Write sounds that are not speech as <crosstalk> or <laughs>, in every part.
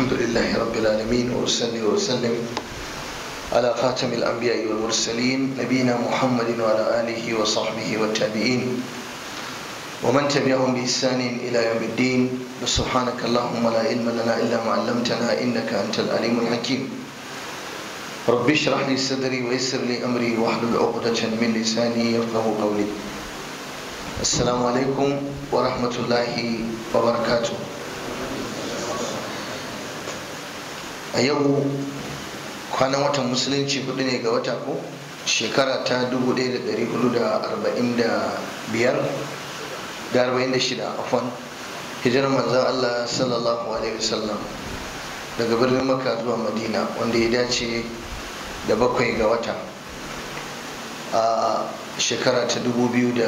الحمد لله رب العالمين وأصلي وأسلم على خاتم الأنبياء والمرسلين نبينا محمد وعلى آله وصحبه والتابعين ومن تبعهم بإحسان إلى يوم الدين سبحانك اللهم لا علم لنا إلا ما علمتنا إنك أنت العليم الحكيم رب اشرح لي صدري ويسر لي أمري واحلل عقدة من لساني يفقه قولي السلام عليكم ورحمة الله وبركاته a yau kwanan watan musulunci hudu ne ga wata ko shekara ta 1445 da 46 afon hijirar manzan Allah sallallahu alaihi wasallam daga birnin maka zuwa madina wanda ya dace da bakwai ga wata a shekara ta 2025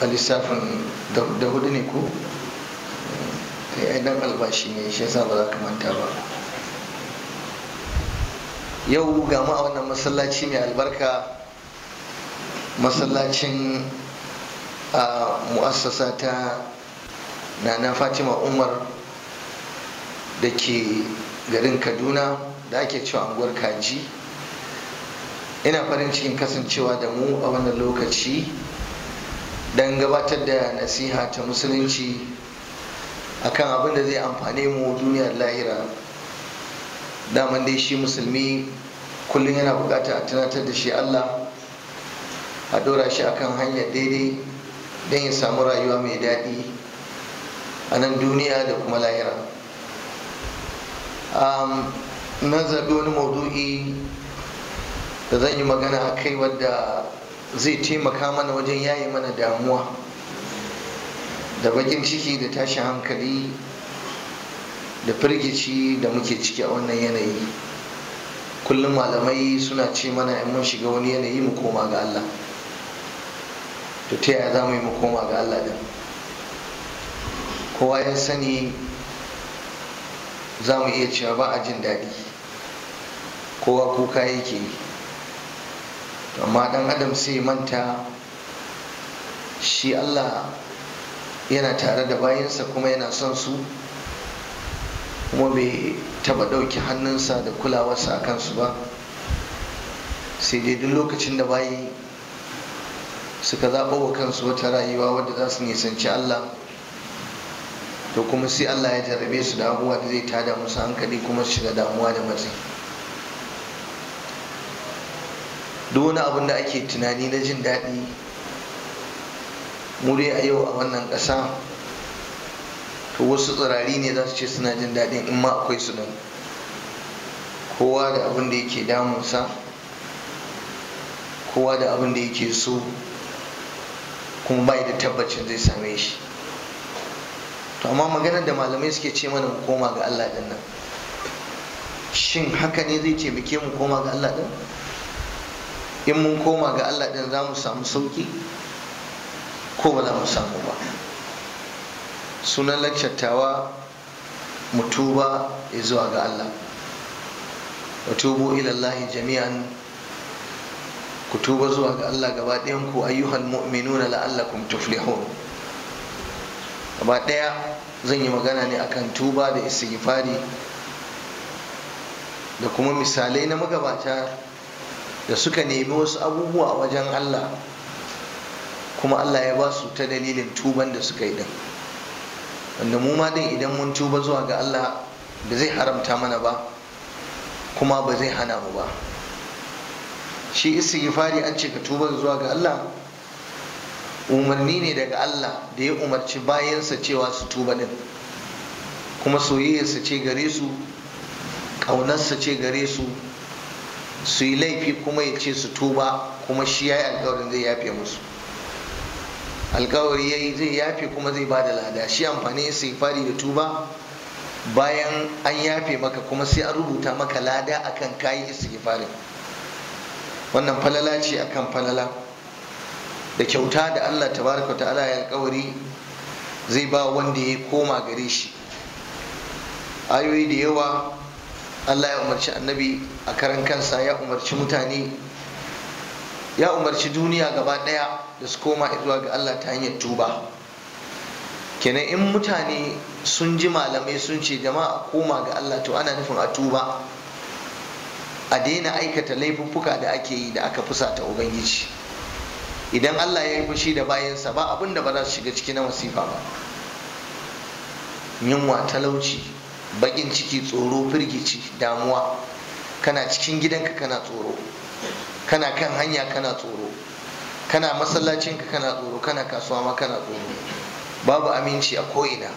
a lissafin da hudu ne ko eh, ai dan albashi ne shi yasa ba za ka manta ba yau ga ma a wannan masallaci mai albarka masallacin a mu'assasa ta nana fatima umar da ke garin kaduna da ake cewa anguwar kaji ina farin cikin kasancewa da mu a wannan lokaci don gabatar da nasiha ta musulunci akan abin da zai amfane mu duniyar lahira daman dai shi musulmi kullum yana bukata a tunatar da shi allah a dora shi akan hanya daidai don ya samu rayuwa mai daɗi a nan duniya da kuma lahira na zabi wani maudu'i da zan yi magana a kai wadda zai taimaka mana wajen yayi mana damuwa da bakin ciki da tashin hankali da firgici da muke ciki a wannan yanayi kullum malamai suna ce mana in mun shiga wani yanayi mu koma ga Allah to ta yaya za mu yi mu koma ga Allah din kowa ya sani za mu iya cewa ba a jin daɗi kowa kuka yake yi amma dan adam sai manta shi Allah yana tare da bayansa kuma yana son su kuma bai taba ɗauki hannunsa da kulawarsa a kansu ba sai dai duk lokacin da bayi suka zaɓa wa kansu wata rayuwa wadda za su nisanci Allah to kuma sai Allah ya jarrabe su da abubuwa da zai tada musu hankali kuma su shiga damuwa da matsayi wani abin da ake tunani na jin daɗi mu a yau a wannan ƙasa to wasu tsirari ne za su ce suna jin daɗin in ma akwai su don kowa da abin da yake damunsa kowa da abin da yake so kuma bai da tabbacin zai same shi to amma maganar da malamai suke ce mana mu koma ga Allah ɗin nan shin haka ne zai taimake mu koma ga Allah ɗin in mun koma ga Allah din za mu samu sauki ko ba za mu samu ba sunan lakcattawa mutuba zuwa ga Allah watubu ilallahi jami'an ku tuba zuwa ga Allah gaba ɗayan ku ayyuhal mu'minuna la'allakum tuflihun gaba ɗaya zan yi magana ne akan tuba da istighfari da kuma misalai na magabata da suka nemi wasu abubuwa a wajen Allah kuma Allah ya ba su ta dalilin tuban da suka yi din wanda mu ma din idan mun tuba zuwa ga Allah ba zai haramta mana ba kuma ba zai hana mu ba shi istighfari an ce ka tuba zuwa ga Allah umarni ne daga Allah da ya umarci bayansa cewa su tuba din kuma soyayyarsa ce gare su ƙaunarsa ce gare su su yi laifi kuma ya ce su tuba kuma shi ya yi alkawarin zai yafe musu alkawari ya yi zai yafe kuma zai ba da lada shi amfani sai fari da tuba bayan an yafe maka kuma sai an rubuta maka lada akan kayi istighfarin wannan falala ce akan falala da kyauta da Allah tabaraka ta'ala ya alkawari zai ba wanda ya koma gare shi ayoyi da yawa Allah ya umarci annabi a karan kansa ya umarci mutane ya umarci duniya gaba ɗaya da su koma zuwa ga Allah ta hanyar tuba kenan in mutane sun ji malamai sun ce jama'a koma ga Allah to ana nufin a tuba a daina aikata laifuffuka da ake yi da aka fusata ubangiji idan Allah ya yi fushi da bayansa ba abin da ba za su shiga ciki na masifa ba yunwa talauci bakin ciki tsoro firgici damuwa kana cikin gidanka kana tsoro kana kan hanya kana tsoro kana masallacinka kana tsoro kana kasuwa ma kana tsoro babu aminci a ko'ina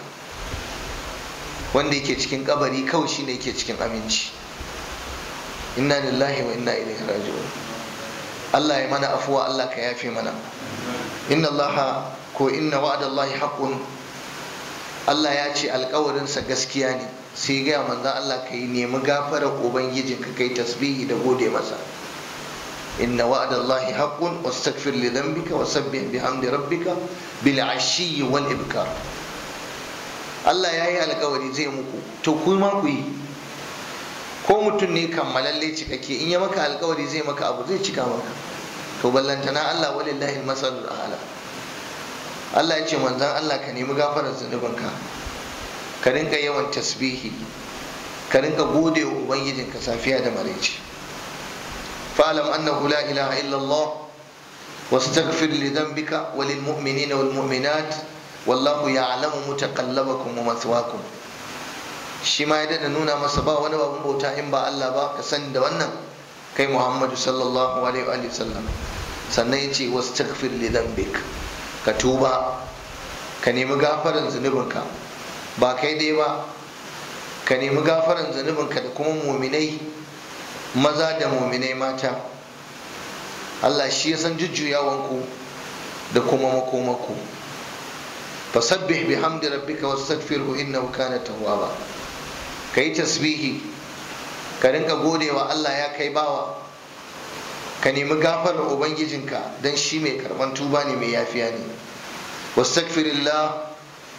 wanda yake cikin kabari kawai shine yake cikin aminci inna lillahi wa inna ilaihi raji'un Allah ya mana afuwa Allah ka yafe mana inna Allah ko inna wa'adallahi haqqun Allah ya ce alkawarinsa gaskiya ne sai gaya manzan Allah ka yi nemi gafarar ka kai tasbihi da gode masa inna Allah haqqun wastaghfir li dhanbika wasabbih bihamdi rabbika bil ashiyyi wal ibkar Allah ya yi alkawari zai muku to kuma ku yi ko mutum ne kammalalle kake in ya maka alkawari zai maka abu zai cika maka to ballantana Allah walillahi masalul ala Allah ya ce manzan Allah ka nemi gafarar zunubanka ka rinka yawan tasbihi ka rinka gode wa ubangijinka safiya da maraice fa'alam annahu la ilaha illallah واستغفر ya وللمؤمنين والمؤمنات والله يعلم متقلبكم ومثواكم shi ma ya dada nuna masa ba wani babun bauta in ba Allah ba ka sani da wannan kai Muhammadu sallallahu alaihi wa sallam sannan yace wastaghfir li dhanbik ka tuba ka nemi gafaran zunubinka ba kai dai ba ka nemi gafaran zunubinka da kuma muminai maza da muminai mata Allah shi ya san jujjuyawanku da kuma makomaku fasabbih bihamdi rabbika wastaghfirhu innahu kana tawwaba kai tasbihi ka rinka godewa Allah ya kai bawa ka nemi gafarar ubangijinka don shi mai karban tuba ne mai yafiya ne wastaghfirillah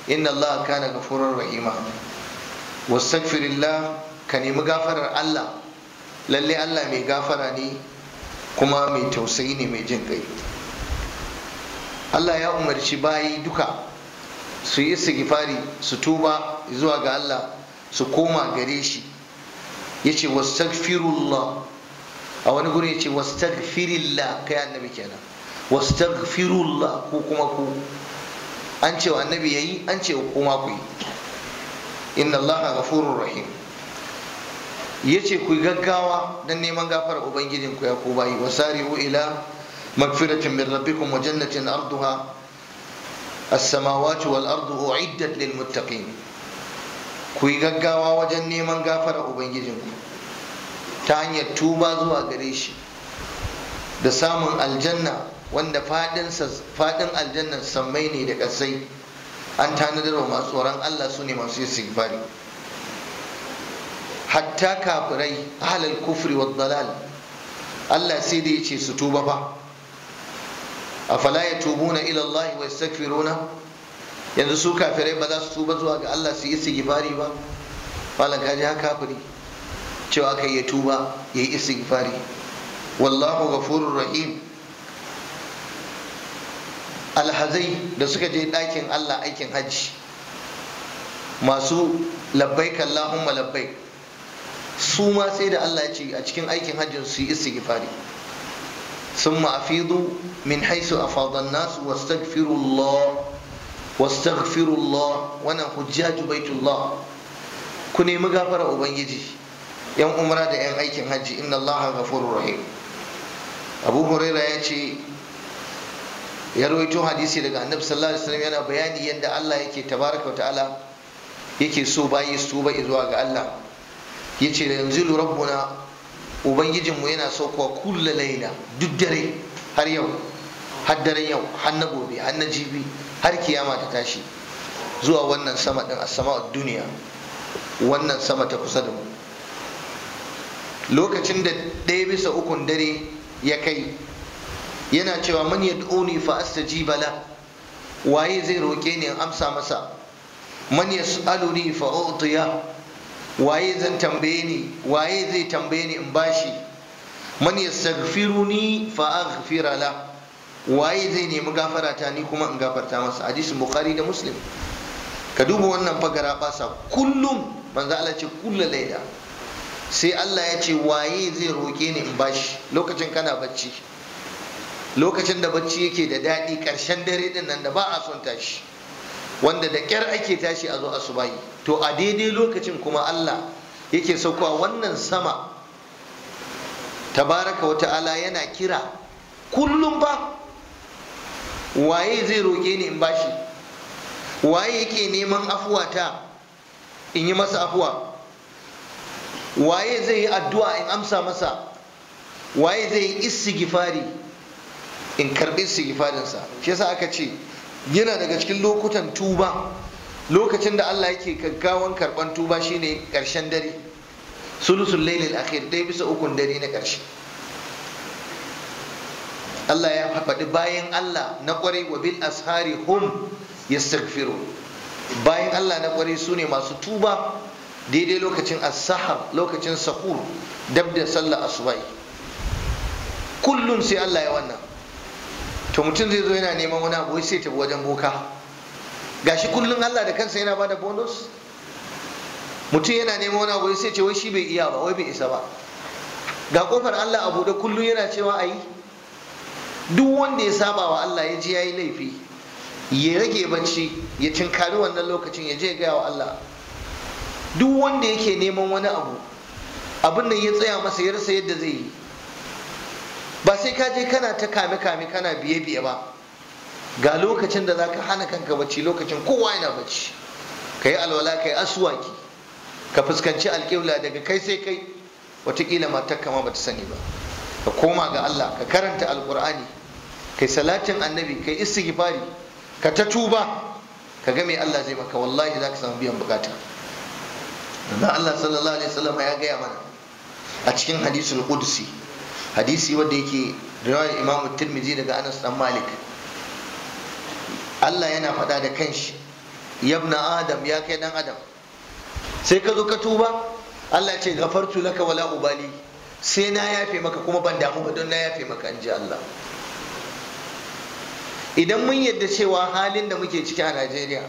inna Allah kana ghafurur rahima wastaghfirillah ka nemi gafarar Allah lalle Allah mai gafara ne kuma mai tausayi ne mai jin kai Allah ya umarci bayi duka su yi sigifari su tuba zuwa ga Allah su koma gare shi ya ce wastaghfirullah a wani guri ya ce wastaghfirillah kai annabi kenan wastaghfirullah ko kuma ku an ce wa annabi yayi an ce kuma ku yi inna allaha ghafurur rahim yace ku gaggawa dan neman gafarar ubangijin ku ya ku bayi wasari'u ila magfiratin min rabbikum wa jannatin arduha as-samawati wal ardu u'iddat lil muttaqin ku gaggawa wajen neman gafarar ubangijin ku ta hanyar tuba zuwa gare shi da samun aljanna wanda fadin aljannan sammai ne da kasai an tanadar wa masu tsoron Allah su ne masu istighfari hatta kafirai halal kufri wa dalal Allah sai da ce su tuba fa ya tubu na ilallahi wa rona. yanzu su kafirai ba za su tuba zuwa ga Allah su yi istighfari ba falan kaji haka kafiri cewa kai ya tuba ya yi istighfari wallahu ghafurur rahim alhazai da suka je ɗakin Allah aikin hajji masu labbai Allahumma labbaik su ma sai da Allah ya ce a cikin aikin hajjin su yi istighfari sun أفيضوا min haisu أفاض الناس واستغفروا الله wannan الله وانا حجاج بيت الله ubangiji yan umra da yan aikin hajji inna allaha ghafurur rahim abu huraira ya ce ya rawaito hadisi daga annabi sallallahu alaihi wasallam yana bayani yadda Allah yake tabaraka wa ta'ala yake so bayi su ba zuwa ga Allah yace da yanzu rabbuna ubangijin mu yana saukowa kulla laila duk dare har yau har daren yau har na gobe har na jibi har kiyama ta tashi zuwa wannan sama din as-sama'ud duniya wannan sama ta kusa da mu lokacin da ɗaya bisa ukun dare ya kai yana cewa man yad'uni fa astajiba la waye zai roke ni in amsa masa man yas'aluni fa utiya waye zan tambaye ni waye zai tambaye ni in bashi man yastaghfiruni fa aghfira la waye zai nemi gafara ta ni kuma in gafarta masa hadisin bukhari da muslim ka duba wannan fagara basa kullum manzo Allah ce kullu laida sai Allah ya ce waye zai roke ni in bashi lokacin kana bacci lokacin da bacci yake da daɗi ƙarshen dare din nan da ba a son tashi wanda da ƙyar ake tashi a zo asubahi to a daidai lokacin kuma Allah yake saukowa wannan sama tabaraka wa ta'ala yana kira kullum ba waye zai roƙe ni in bashi waye yake neman afuwa ta in yi masa afuwa waye zai yi addu'a in amsa masa waye zai yi istighfari in karbi sigifarinsa shi yasa aka ce yana daga cikin lokutan tuba lokacin da Allah yake gaggawan karban tuba shine karshen dare sulusul lailil akhir dai bisa ukun dare na karshe Allah ya faɗi bayan Allah na ƙwarai wa bil ashari hum yastaghfiru bayan Allah na ƙwarai su ne masu tuba daidai lokacin as-sahar lokacin sahur dab da sallar asubai kullum sai Allah ya wannan to mutum zai zo yana neman wani abu sai tafi wajen boka gashi kullum Allah da kansa yana bada bonus mutum yana neman wani abu sai ce wai shi bai iya ba wai bai isa ba ga kofar Allah abu buɗe kullum yana cewa ayi duk wanda ya saba wa Allah ya ji yayi laifi ya rage bacci ya tinkari wannan lokacin ya je gaya wa Allah duk wanda yake neman wani abu abin nan ya tsaya masa ya rasa yadda zai yi ba sai ka je kana ta kame kame kana biye biye ba ga lokacin da zaka hana kanka bacci lokacin kowa yana bacci ka yi alwala ka yi asuwaki ka fuskanci alƙibla daga kai sai kai watakila matar kama ba sani ba ka koma ga Allah ka karanta alƙur'ani kai salatin annabi kai istighfari ka ta tuba ka ga me Allah zai maka wallahi zaka samu biyan bukata dan Allah sallallahu alaihi wasallam ya gaya mana a cikin hadisul qudsi hadisi wanda yake riwayar imamu tirmidhi daga anas dan malik Allah yana faɗa da kanshi yabna adam ya kai dan adam sai ka zo ka tuba Allah ce gafartu laka wala ubali sai na yafe maka kuma ban damu ba don na yafe maka an ji Allah idan mun yadda cewa halin da muke ciki a Najeriya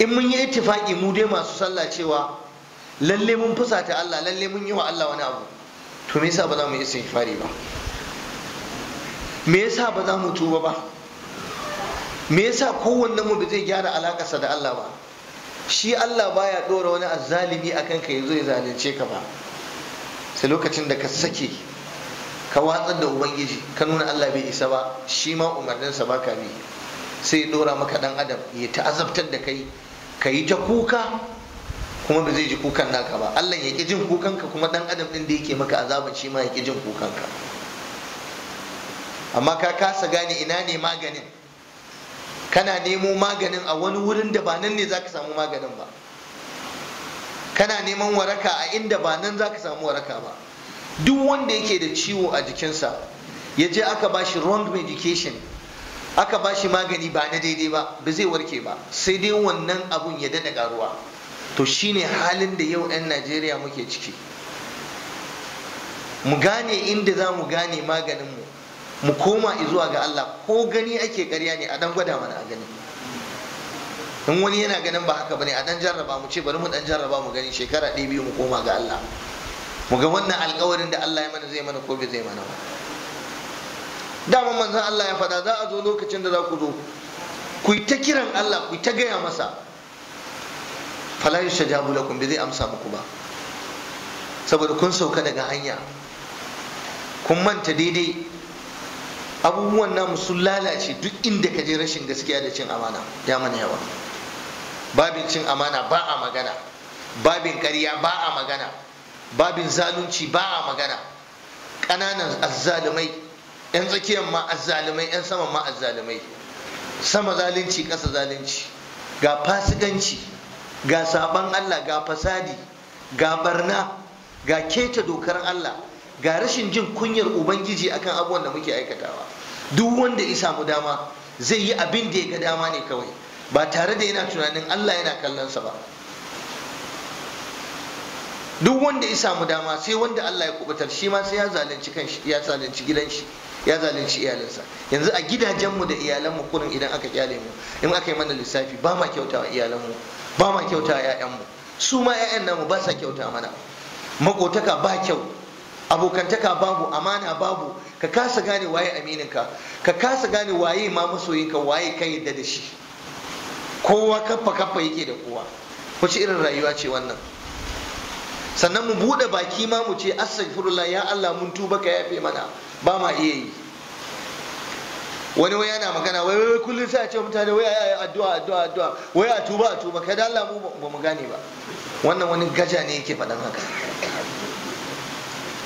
in mun yi ittifaki mu dai masu sallah cewa lalle mun fusata Allah lalle mun yi wa Allah wani abu to me yasa ba za mu yi istighfari ba me yasa ba za mu tuba ba me yasa kowanne mu ba zai gyara alakarsa da Allah ba shi Allah baya dora wani azzalimi akan ka yazo ya zalunce ka ba sai lokacin da ka sake ka watsar da ubangiji ka nuna Allah bai isa ba shi ma umarninsa ba ka bi sai ya dora maka dan adam ya ta'azabtar da kai ka yi ta kuka kuma ba zai ji kukan naka ba Allah ya ƙi jin kukanka kuma ɗan adam ɗin da yake maka azaban shi ma ya ƙi jin kukanka amma ka kasa gane ina ne maganin kana nemo maganin a wani wurin da ba nan ne zaka samu maganin ba kana neman waraka a inda ba nan zaka samu waraka ba duk wanda yake da ciwo a jikinsa ya je aka bashi wrong medication aka bashi magani ba na daidai ba ba zai warke ba sai dai wannan abun ya daɗa ƙaruwa to shine halin da yau 'yan najeriya muke ciki mu gane inda za mu gane maganinmu mu koma zuwa ga allah ko gani ake karya ne a dan gwada mana a gani in wani yana ganin ba haka bane a dan jarraba mu ce bari mu dan jarraba mu gani shekara ɗaya biyu mu koma ga allah mu ga wannan alkawarin da allah ya mana zai mana ko bai zai mana ba dama manzon allah ya faɗa za a zo lokacin da za ku zo ku yi ta kiran allah ku ta gaya masa fala yustajabu lakum bi zai amsa muku ba saboda kun sauka daga hanya kun manta daidai abubuwan namu sun lalace duk inda ka je rashin gaskiya da cin amana ya mana yawa babin cin amana ba a magana babin ƙarya ba a magana babin zalunci ba a magana ƙananan azzalumai 'yan tsakiyar ma azzalumai 'yan saman ma azzalumai sama zalunci ƙasa zalunci ga fasikanci ga sabon Allah ga fasadi ga barna ga keta dokar Allah ga rashin jin kunyar ubangiji akan abubuwan da muke aikatawa duk wanda ya samu dama zai yi abin da ya ga dama ne kawai ba tare da yana tunanin Allah yana kallonsa ba duk wanda ya samu dama sai wanda Allah ya kubutar shi ma sai ya zalunci kanshi ya ya zalunci iyalinsa yanzu a gidajenmu da iyalanmu kurin idan aka kyale mu in aka yi mana lissafi ba ma kyautawa iyalanmu ba ma kyauta ‘ya'yanmu su ma ‘ya'yan namu ba sa kyauta mana makotaka ba kyau abokantaka babu amana babu ka kasa gane waye amininka ka kasa gane waye ma masoyinka waye ka yadda da shi kowa kaffa kaffa yake da kowa wace irin rayuwa ce wannan sannan mu buɗe baki ma mu ce astaghfirullah ya Allah mun tuba ka yafe mana ba ma iya yi wani wai yana magana wai wai kullum sai a ce mutane wai ayi addu'a addu'a addu'a wai a tuba a tuba kai da Allah mu ba mu gane ba wannan wani gaja ne yake faɗan haka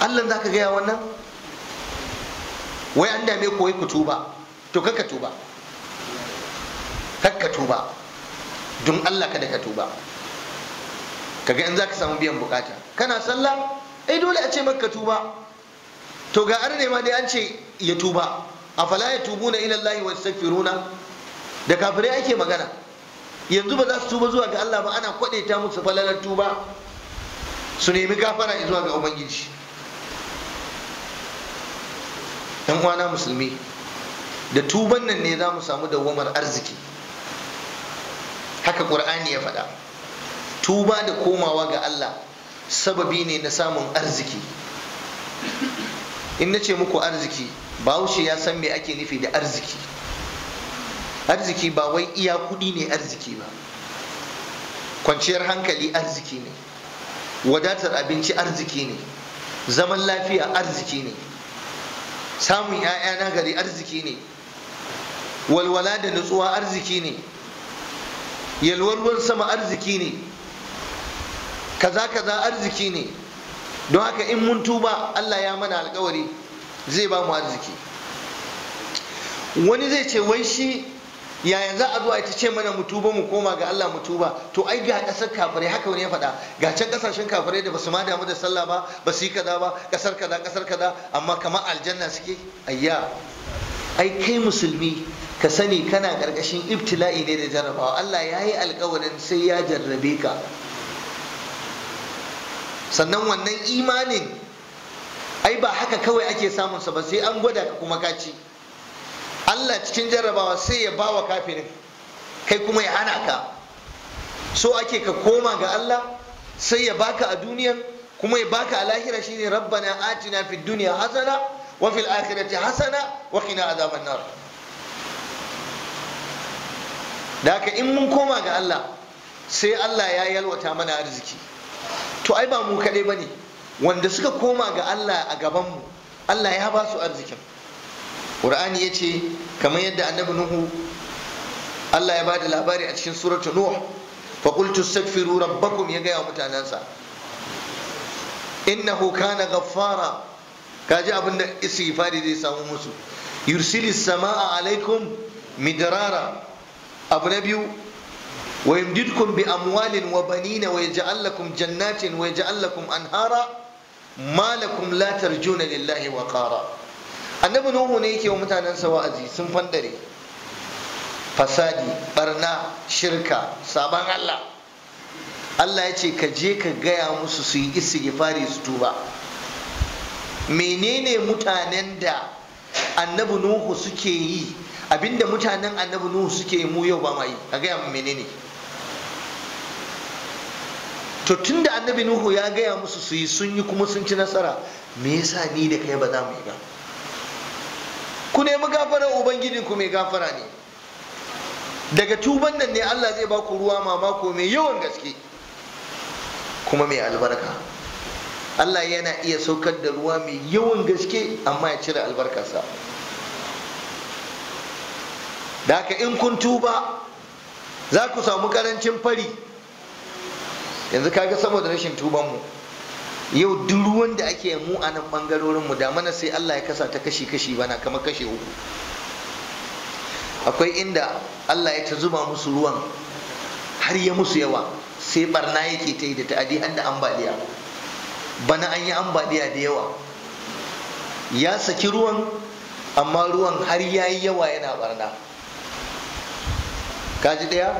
Allah za ka gaya wannan wai an dame ku wai ku tuba to kakka tuba kakka tuba don Allah kada ka tuba kaga in zaka samu biyan bukata kana sallah ai eh, dole a ce maka tuba to ga arne ma dai an ce ya tuba A afala na ila Allah wa yastaghfiruna da kafirai ake magana yanzu ba za su tuba zuwa ga Allah ba ana kwadaita musu falalar tuba su nemi gafara zuwa ga ubangiji yan uwana musulmi da tuban nan ne za mu samu dawamar arziki haka ƙur'ani ya faɗa tuba da komawa ga Allah sababi ne na samun arziki in na ce muku arziki ba bahaushe ya san me ake nufi da arziki arziki ba wai iya kuɗi ne arziki ba kwanciyar hankali arziki ne wadatar abinci arziki ne zaman lafiya arziki ne samun 'ya'ya na gari arziki ne walwala da nutsuwa arziki ne yalwar ruwan sama arziki ne kaza kaza arziki ne don haka in mun tuba Allah ya mana alkawari zai ba mu arziki wani zai ce wai shi yaya za a zo a ce mana mu tuba mu koma ga Allah mu tuba to ai ga kasar kafirai haka wani ya faɗa ga can kasashen kafirai da basu ma damu da sallah ba basu yi kaza ba kasar kaza kasar kaza amma kamar aljanna suke ayya ai kai musulmi ka sani kana karkashin ibtila'i ne da jarrabawa Allah ya yi alkawarin sai ya jarrabe ka sannan wannan imanin ai ba haka kawai ake samun sa ba sai an gwada ka kuma ka ci Allah cikin jarrabawa sai ya bawa kafirin kai kuma ya hana ka so ake ka koma ga Allah sai ya baka a duniyan kuma ya baka a lahira shine rabbana atina fid dunya hasana wa fil akhirati hasana wa qina azaban nar da haka in mun koma ga Allah sai Allah ya yalwata mana arziki to ai ba mu kaɗai ba ne wanda suka koma ga Allah a gabanmu Allah ya ba su arzikin ƙur'ani ya ce kamar yadda annabi nuhu Allah ya ba da labari a cikin suratu nuh fa qultu astaghfiru rabbakum ya gaya wa mutanensa innahu kana ghaffara kaji abinda istighfari zai samu musu yursili sama'a alaikum midrara abu na biyu wa yumdidkum bi amwalin wa banina wa yaj'al jannatin wa yaj'al lakum anhara ma lakum la lillahi wa qara annabi nuhu ne yake wa mutanen sa wa'azi sun fandare fasadi barna shirka saban Allah Allah ya ce ka je ka gaya musu su yi istighfari su tuba menene mutanen da annabi nuhu suke yi abinda mutanen annabi nuhu suke yi mu yau ba ma a gaya mu menene to tunda annabi nuhu ya gaya musu su yi sun yi kuma sun ci nasara me yasa ni da kai ba za mu yi ba ku nemi gafara ubangiji ku mai gafara ne daga tuban nan ne Allah zai ba ku ruwa mamako mai yawan gaske kuma mai albarka Allah yana iya saukar da ruwa mai yawan gaske amma ya cire albarkarsa da haka in kun tuba za ku samu karancin fari yanzu kaga saboda rashin tuban mu yau duk ruwan da ake mu a nan bangarorin mu da mana sai Allah ya kasa ta kashi kashi bana kamar kashe uku akwai inda Allah ya ta zuba musu ruwan har ya musu yawa sai barna yake ta yi da ta'adi an da ambaliya bana an yi ambaliya da yawa ya saki ruwan amma ruwan har ya yi yawa yana barna kaji ɗaya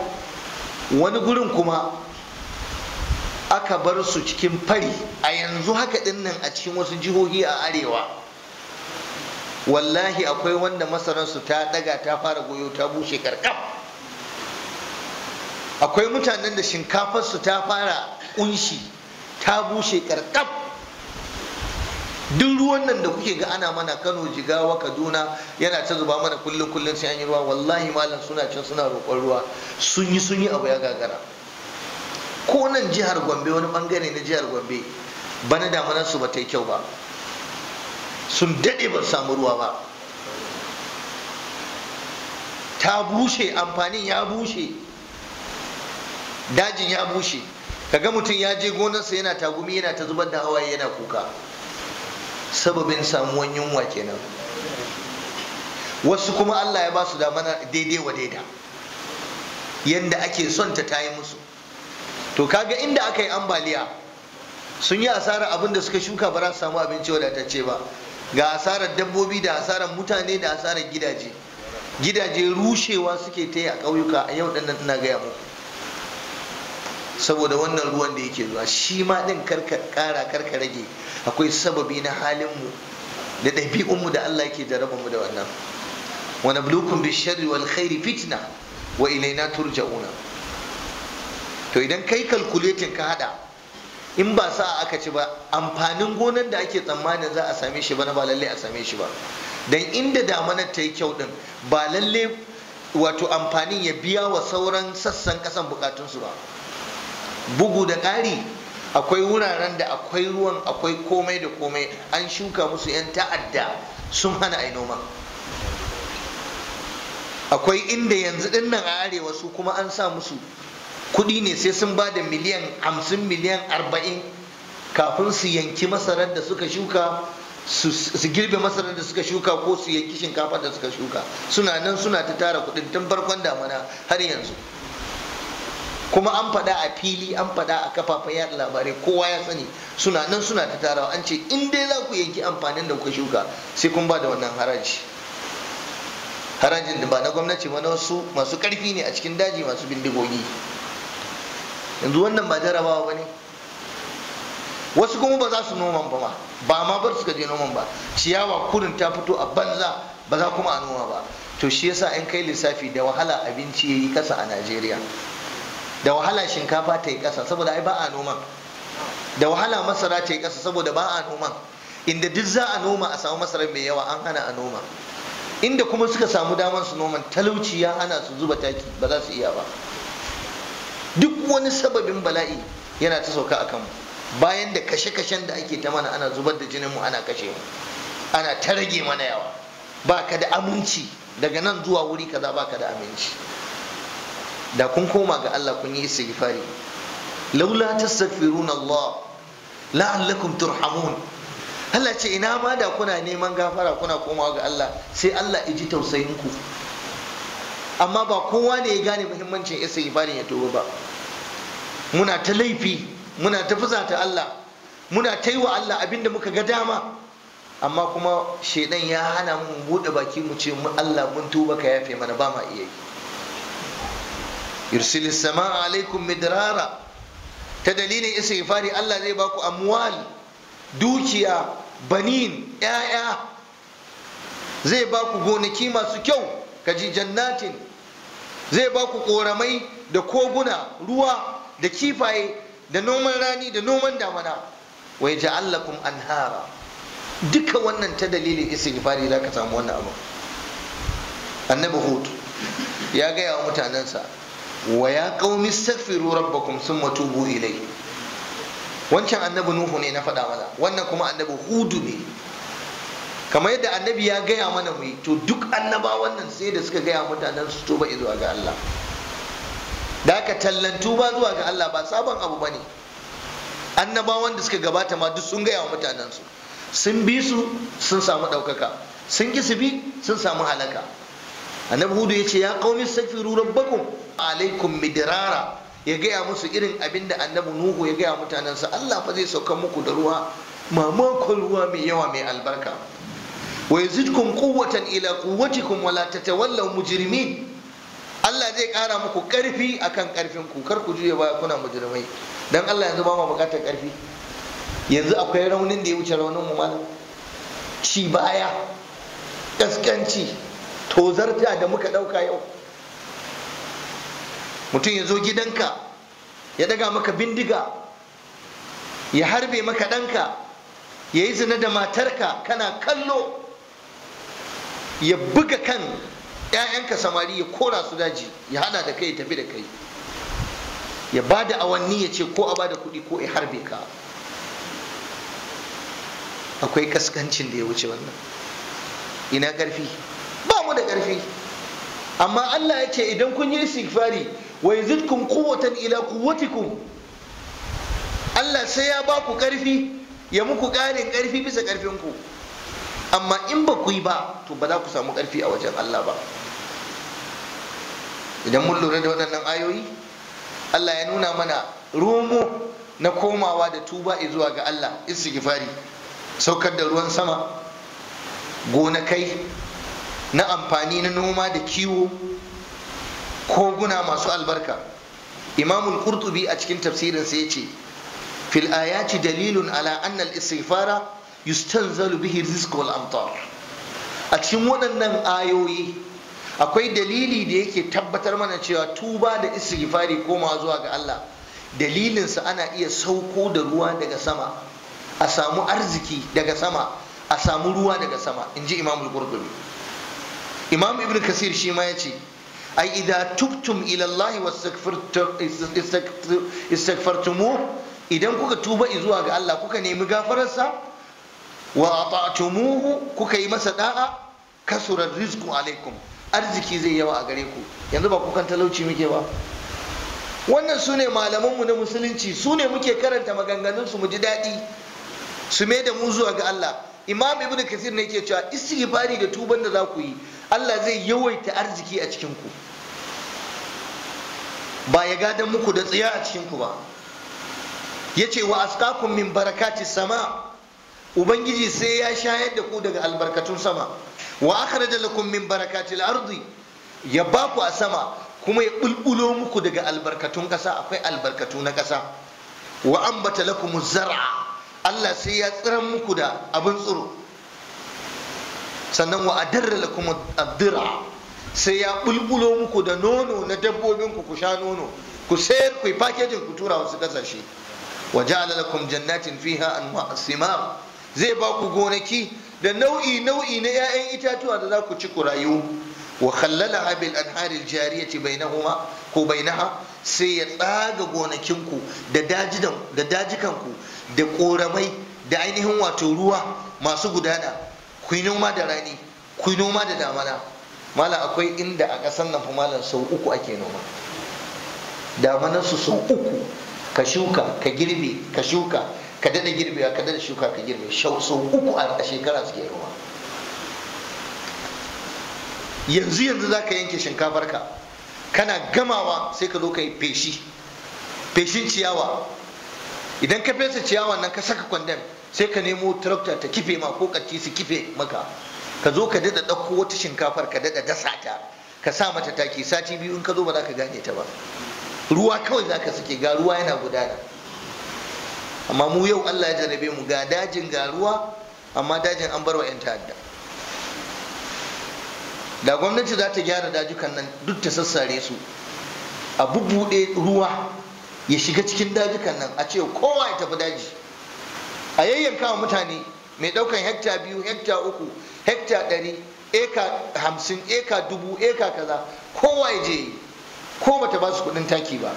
wani gurin kuma aka bar su cikin fari a yanzu haka dinnan a cikin wasu jihohi a arewa wallahi akwai wanda masararsu ta daga ta fara goyo ta bushe karkam akwai mutanen da shinkafarsu ta fara kunshi ta bushe karkam duk ruwan nan da kuke ga ana mana kano jigawa kaduna yana ta zuba mana kullum kullum sai an yi ruwa wallahi malam suna cin suna roƙon ruwa sun yi sun yi abu ya gagara ko nan jihar gombe wani bangare na jihar gombe bana damunan su ba ta yi kyau ba sun daɗe ba samu ruwa ba ta bushe amfanin ya bushe dajin ya bushe kaga mutum ya je gonarsa yana tagumi yana ta zubar da hawaye yana kuka sababin samuwan yunwa kenan wasu kuma allah ya ba su damana daidai wa daida yadda ake son ta tayi musu to kaga inda aka yi ambaliya sun yi asarar abin da suka shuka ba za su samu abinci wadatacce ba ga asarar dabbobi da asarar mutane da asarar gidaje gidaje rushewa suke ta yi a ƙauyuka a yau ɗannan ina gaya muku saboda wannan ruwan da yake zuwa shi ma ɗin karka ƙara karka rage akwai sababi na halinmu da ɗabi'unmu da Allah yake jaraba mu da wannan wa nablukum bi sharri wal khairi fitna wa ilaina turja'una to idan kai kalkuletin ka hada in ba sa aka ci ba amfanin gonan da ake tsammanin za a same shi ba na ba lalle a same shi ba dan inda damanar ta yi kyau din ba lalle wato amfanin ya biya wa sauran sassan kasan bukatunsu ba bugu da ƙari akwai wuraren da akwai ruwan akwai komai da komai an shuka musu 'yan ta'adda sun hana a noma akwai inda yanzu dinnan a arewa su kuma an sa musu kuɗi ne sai sun ba da miliyan hamsin miliyan arba'in kafin su yanki masarar da suka shuka su girbe masarar da suka shuka ko su yanki shinkafa da suka shuka suna nan suna ta tara kuɗin tun farkon damana har yanzu kuma an faɗa a fili an faɗa a kafafen yaɗa labarai kowa ya sani suna nan suna ta tarawa an ce in dai za ku yanki amfanin da kuka shuka sai kun ba da wannan haraji harajin da ba na gwamnati ba na wasu masu ƙarfi ne a cikin daji masu bindigogi yanzu wannan ba jarabawa ba ne wasu kuma ba za su noman ba ba ma bar suka je noman ba ciyawa kurin ta fito a banza ba za kuma a noma ba to shi yasa in kai lissafi da wahala abinci ya yi kasa a najeriya da wahala shinkafa ta yi kasa saboda ai ba a noman da wahala masara ta yi kasa saboda ba a noman inda duk za a noma a samu masarar mai yawa an hana a noma inda kuma suka samu damar su noman talauci ya hana su zuba taki ba za su iya ba duk wani sababin bala'i yana ta sauka akan mu bayan da kashe-kashen da ake ta mana ana zubar da jinin mu ana kashe mu ana ta rage mana yawa ba ka da aminci daga nan zuwa wuri kaza ba ka da aminci da kun koma ga Allah kun yi istighfari laula tastaghfiruna Allah la'allakum turhamun Allah ce ina ma da kuna neman gafara kuna komawa ga Allah sai Allah iji tausayin ku amma ba kowa ne ya gane muhimmancin istighfarin ya tuba ba muna ta laifi muna ta ta Allah muna ta yi wa Allah abinda muka ga dama amma kuma shaidan ya hana mu buɗe baki mu ce mu Allah mun tuba ka yafe mana ba ma iya yi yursil samaa alaikum midrara ta dalilin istighfari Allah zai baku Amuwal, dukiya banin 'ya'ya zai baku gonaki masu kyau kaji jannatin zai ba ku koramai da koguna ruwa da kifaye da noman rani da noman damana wa ya an anhara duka wannan ta dalilin istighfari za ka samu wannan abu annabi hud ya gaya wa mutanensa wa ya qaumi astaghfiru rabbakum sun tubu ilai? wancan annabi nuhu ne na faɗa mana wannan kuma annabi hudu ne kamar yadda annabi ya gaya mana mu to duk annabawan nan sai da suka gaya mutanen su tuba zuwa ga Allah da aka tallantu ba zuwa ga Allah ba sabon abu bane annabawan da suka gabata ma duk sun gaya wa mutanen su sun bi su sun samu ɗaukaka sun ki su bi sun samu halaka annabi hudu ya ce ya qaumi astaghfiru rabbakum alaikum midrara ya gaya musu irin abin da annabi nuhu ya gaya sa Allah fa zai sauka muku da ruwa mamakon ruwa mai yawa mai albarka wa yazidkum quwwatan ila quwwatikum wala tatawallaw mujrimin Allah zai kara muku karfi akan karfin ku kar ku juye baya kuna mujrimai dan Allah yanzu ba mu bukatar karfi yanzu akwai raunin da ya wuce raunin mu malam ci baya kaskanci tozarta da muka dauka yau mutum ya zo gidanka ya daga maka bindiga ya harbe maka ɗanka ya yi zina da matarka kana kallo ya buga kan 'ya'yanka samari ya kora su daji ya hada da kai ya tafi da kai ya ba da awanni ya ce ko a ba da kuɗi ko harbe ka akwai kaskancin da ya wuce wannan ina ƙarfi ba mu da ƙarfi amma Allah ya ce idan kun yi istighfari wa yazidkum quwwatan ila quwwatikum Allah sai ya ba ku ƙarfi ya muku ƙarin ƙarfi bisa ƙarfinku ku amma in ba ku yi ba to ba za ku samu ƙarfi a wajen Allah ba idan mun lura da waɗannan ayoyi Allah ya nuna mana romo na komawa da tuba zuwa ga Allah istighfari saukar da ruwan sama gonakai na amfani na noma da kiwo koguna masu albarka imamul qurtubi a cikin tafsirin sa yace fil ayati dalilun ala anna al istighfara yustanzalu bihi rizq wal amtar a cikin waɗannan ayoyi akwai dalili da yake tabbatar mana cewa tuba da istighfari koma zuwa ga Allah dalilinsa ana iya sauko da ruwa daga sama a samu arziki daga sama a samu ruwa daga sama in imam al-qurtubi imam ibn kasir shi ma ya ce ai idza tubtum ila Allah istaghfartum idan kuka tuba zuwa ga Allah kuka nemi gafararsa wa ata'tumuhu kuka yi masa da'a kasurar rizqu alaikum arziki zai yawa a gare ku yanzu ba kukan talauci muke ba wannan su ne malamanmu na musulunci su ne muke karanta maganganunsu mu ji daɗi su mai da mu zuwa ga Allah imam ibnu kasir ne yake cewa istighfari da tuban da za ku yi Allah zai yawaita arziki a cikin ku ba ya gadan muku da tsiya a cikin ku ba yace wa asqakum min barakati sama ubangiji sai ya shayar da ku daga albarkatun sama wa akhraja lakum min barakatil ardi ya ba ku a sama kuma ya bulbulo muku daga albarkatun kasa akwai albarkatu na kasa wa ambata lakum zar'a Allah sai ya tsiran muku da abin tsiro sannan wa adarra lakum ad-dir'a sai ya bulbulo muku da nono na dabbobin ku ku sha nono ku sayar ku yi fakejin ku tura wasu kasashe wa ja'ala lakum jannatin fiha anwa' simar zai ba ku gonaki da nau'i nau'i na 'ya'yan itatuwa da za ku ci ku rayu wa khallala bil anharil jariyati bainahuma ko bainaha sai ya tsaga gonakinku da dajidan da dajikanku da koramai da ainihin wato ruwa masu gudana ku yi noma da rani ku yi noma da damana malam akwai inda a ƙasar nan malam sau uku ake noma Damanansu sau uku ka shuka ka girbe ka shuka ka daɗa girbe ka daɗa shuka ka girbe sau uku a shekara suke noma yanzu yanzu za ka yanke shinkafar ka kana gamawa sai ka zo ka yi feshi feshin ciyawa idan ka fesa ciyawan nan ka saka kwandon sai ka nemo tarakta ta kife ma ko kacci su kife maka ka zo ka daɗa ɗauko wata shinkafar ka daɗa dasa ta ka sa mata taki sati biyu in ka zo ba za ka gane ta ba ruwa kawai za ka suke ga ruwa yana gudana amma mu yau Allah ya jarabe mu ga dajin garuwa amma dajin an bar wa 'yan ta'adda da gwamnati za ta gyara dajukan nan duk ta sassare su a bubbuɗe ruwa ya shiga cikin dajukan nan a ce kowa ya tafi daji a yayyanka wa mutane mai ɗaukan hekta biyu hekta uku hekta ɗari eka hamsin eka dubu eka kaza kowa ya je ko bata ba su kuɗin taki ba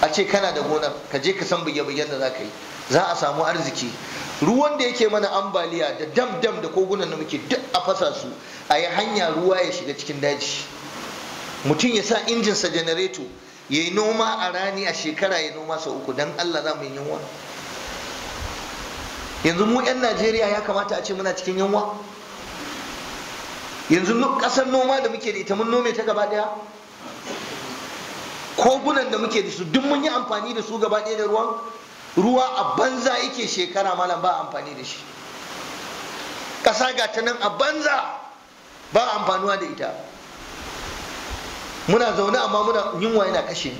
a ce kana da gonar ka je ka san buge-bugen da za ka yi za a samu arziki ruwan da yake mana ambaliya da dam dam da kogunan da muke duk a fasa su a yi hanya ruwa ya shiga cikin daji mutum ya sa injinsa janareto ya yi noma a rani a shekara ya noma sau uku don allah za mu yi yunwa yanzu mu 'yan najeriya ya kamata a ce muna cikin yunwa yanzu kasar noma da muke da ita mun nome ta gaba ɗaya kogunan da muke da su duk mun yi amfani da su gaba daya da ruwan ruwa a banza yake shekara malam ba amfani da shi ƙasa ga ta nan a banza ba amfanuwa da ita muna zaune amma muna yunwa yana kashe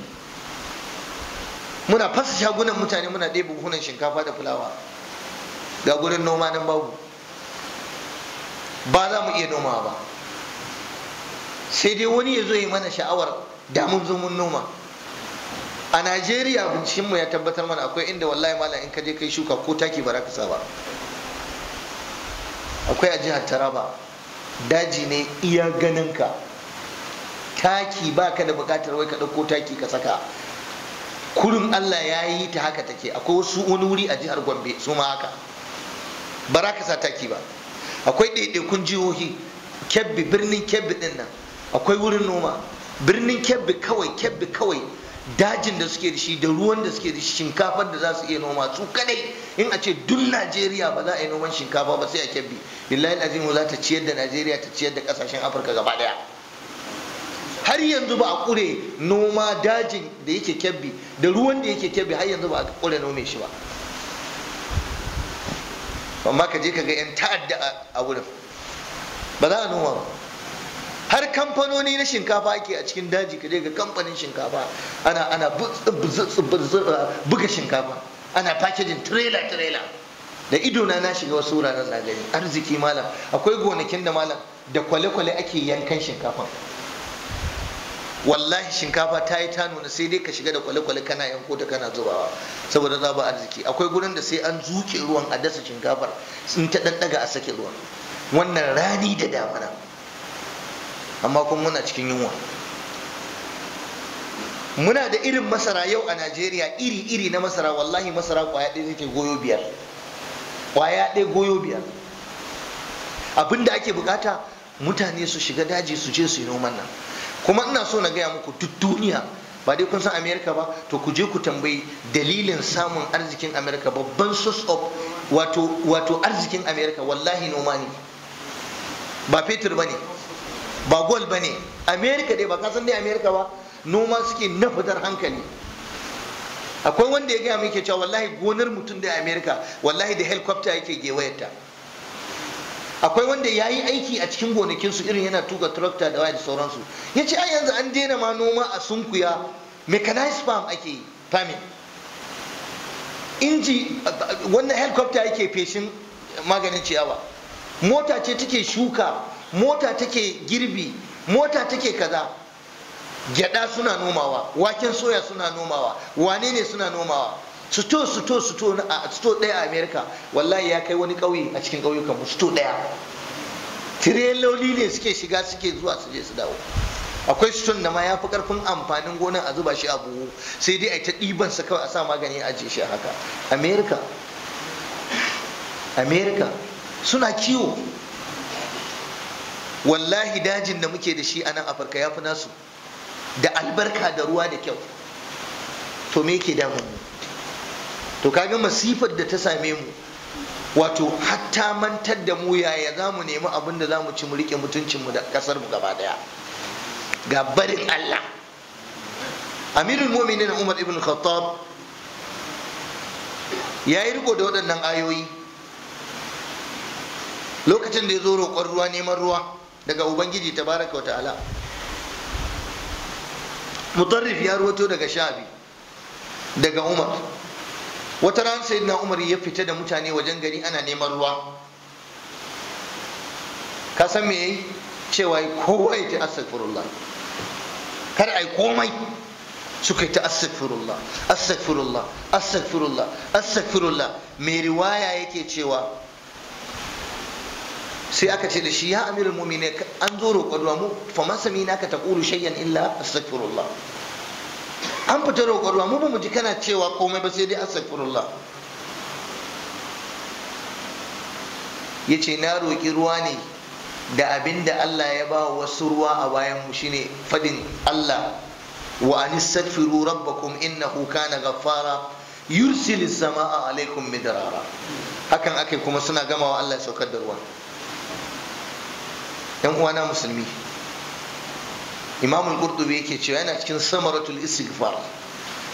muna fasa shagunan mutane muna ɗaya buhunan shinkafa da fulawa ga gurin noma nan babu ba za mu iya noma ba sai dai wani ya zo yi mana sha'awar damun zumun noma a najeriya mu ya tabbatar mana akwai inda wallahi mala in ka je kai shuka ko taki ba za ka sa ba akwai a jihar taraba daji ne iya ka, taki ba ka da bukatar wai ka ɗauko taki ka saka kurin allah ya yi ta haka take akwai wasu wani wuri a jihar gombe su ma haka ba za ka sa taki ba akwai ɗaiɗaikun jihohi kebbi birnin kebbi ɗin nan akwai wurin noma birnin kebbi kawai kebbi kawai dajin da suke da shi da ruwan da suke da shinkafar da za su iya noma su kadai in a ce duk najeriya ba za a yi noman shinkafa ba sai a kebbi billahi azimu za ta ciyar da najeriya ta ciyar da kasashen afirka gaba daya har yanzu ba a kure noma dajin da yake kebbi da ruwan da yake kebbi har yanzu ba a kure nome shi ba amma ka je ka ga 'yan ta'adda a wurin ba za a noma ba har kamfanoni na shinkafa ake a cikin daji kaje ga kamfanin shinkafa ana ana uh, buga shinkafa ana packaging trailer trailer da ido na na shiga wasu wuraren na gani arziki malam akwai gonakin da malam da kwale-kwale ake yankan shinkafa wallahi shinkafa ta yi ta nuna sai dai ka shiga da kwale-kwale kana yanko ta kana zubawa saboda zaba arziki akwai gurin da sai an zuke ruwan a dasa shinkafar sun ta ɗanɗaga a sake ruwan wannan rani da damana amma kuma muna cikin yunwa muna da irin masara yau a najeriya iri-iri na masara wallahi masara kwaya ɗaya take goyo biyar kwaya ɗaya goyo biyar abinda ake bukata mutane su shiga daji su je su yi noman nan kuma ina so na gaya muku duk duniya ba dai kun san america ba to ku je ku tambayi dalilin samun arzikin america babban source of wato arzikin america wallahi noma ne ba fetur ba ne ba gol ba ne amerika dai ba kasan san dai amerika ba noma suke na fitar hankali akwai wanda ya gaya muke cewa wallahi gonar mutum da amerika wallahi da helicopter yake gewayarta akwai wanda ya yi aiki a cikin gonakinsu irin yana tuka tractor da da sauransu ya ce ai yanzu an daina ma noma a sunkuya mechanized farm ake farming inji wannan helicopter yake feshin maganin ciyawa mota ce take shuka mota take girbi mota take kaza gyada suna nomawa waken soya suna nomawa wane ne suna nomawa suto suto suto a suto daya a america wallahi ya kai wani kauye a cikin kauyukan mu suto daya tireloli ne suke shiga suke zuwa su je su dawo akwai suton da ma ya fi karfin amfanin gonan a zuba shi a buhu sai dai a ta ɗiban sa kawai a sa magani a ajiye shi a haka america america suna kiwo wallahi dajin da muke da shi a nan afirka ya fi nasu da albarka da ruwa da kyau to me ke damun mu to kaga masifar da ta same mu wato hatta mantar da mu yaya za mu nemi abin da za mu ci mu rike mutuncinmu da kasar mu gaba daya ga barin Allah amirul mu'minin Umar ibn Khattab ya yi riko da waɗannan ayoyi lokacin da ya zo roƙon ruwa neman ruwa daga ubangiji tabaraka wa ta'ala mutarrif ya ruwato daga sha'abi daga umar wata ran na umar ya fita da mutane wajen gari ana neman ruwa ka san me yayi cewa kowa ya ta astaghfirullah kar ai komai suka yi ta astaghfirullah astaghfirullah astaghfirullah astaghfirullah mai riwaya yake cewa sai aka ce da shi ya amirul ne an zo roƙo ruwa mu fa masami naka taqulu shayyan illa astaghfirullah an fita roƙo ruwa mu ba mu ji kana cewa komai ba sai dai astaghfirullah ce na roƙi ruwa ne da abin da Allah ya ba wasu ruwa a bayan mu shine fadin Allah wa kum rabbakum innahu na gafara yursilis samaa alaikum midrara hakan ake kuma suna gama wa Allah ya saukar da ruwa yan uwana musulmi imamul qurtubi yake cewa yana cikin samaratul istighfar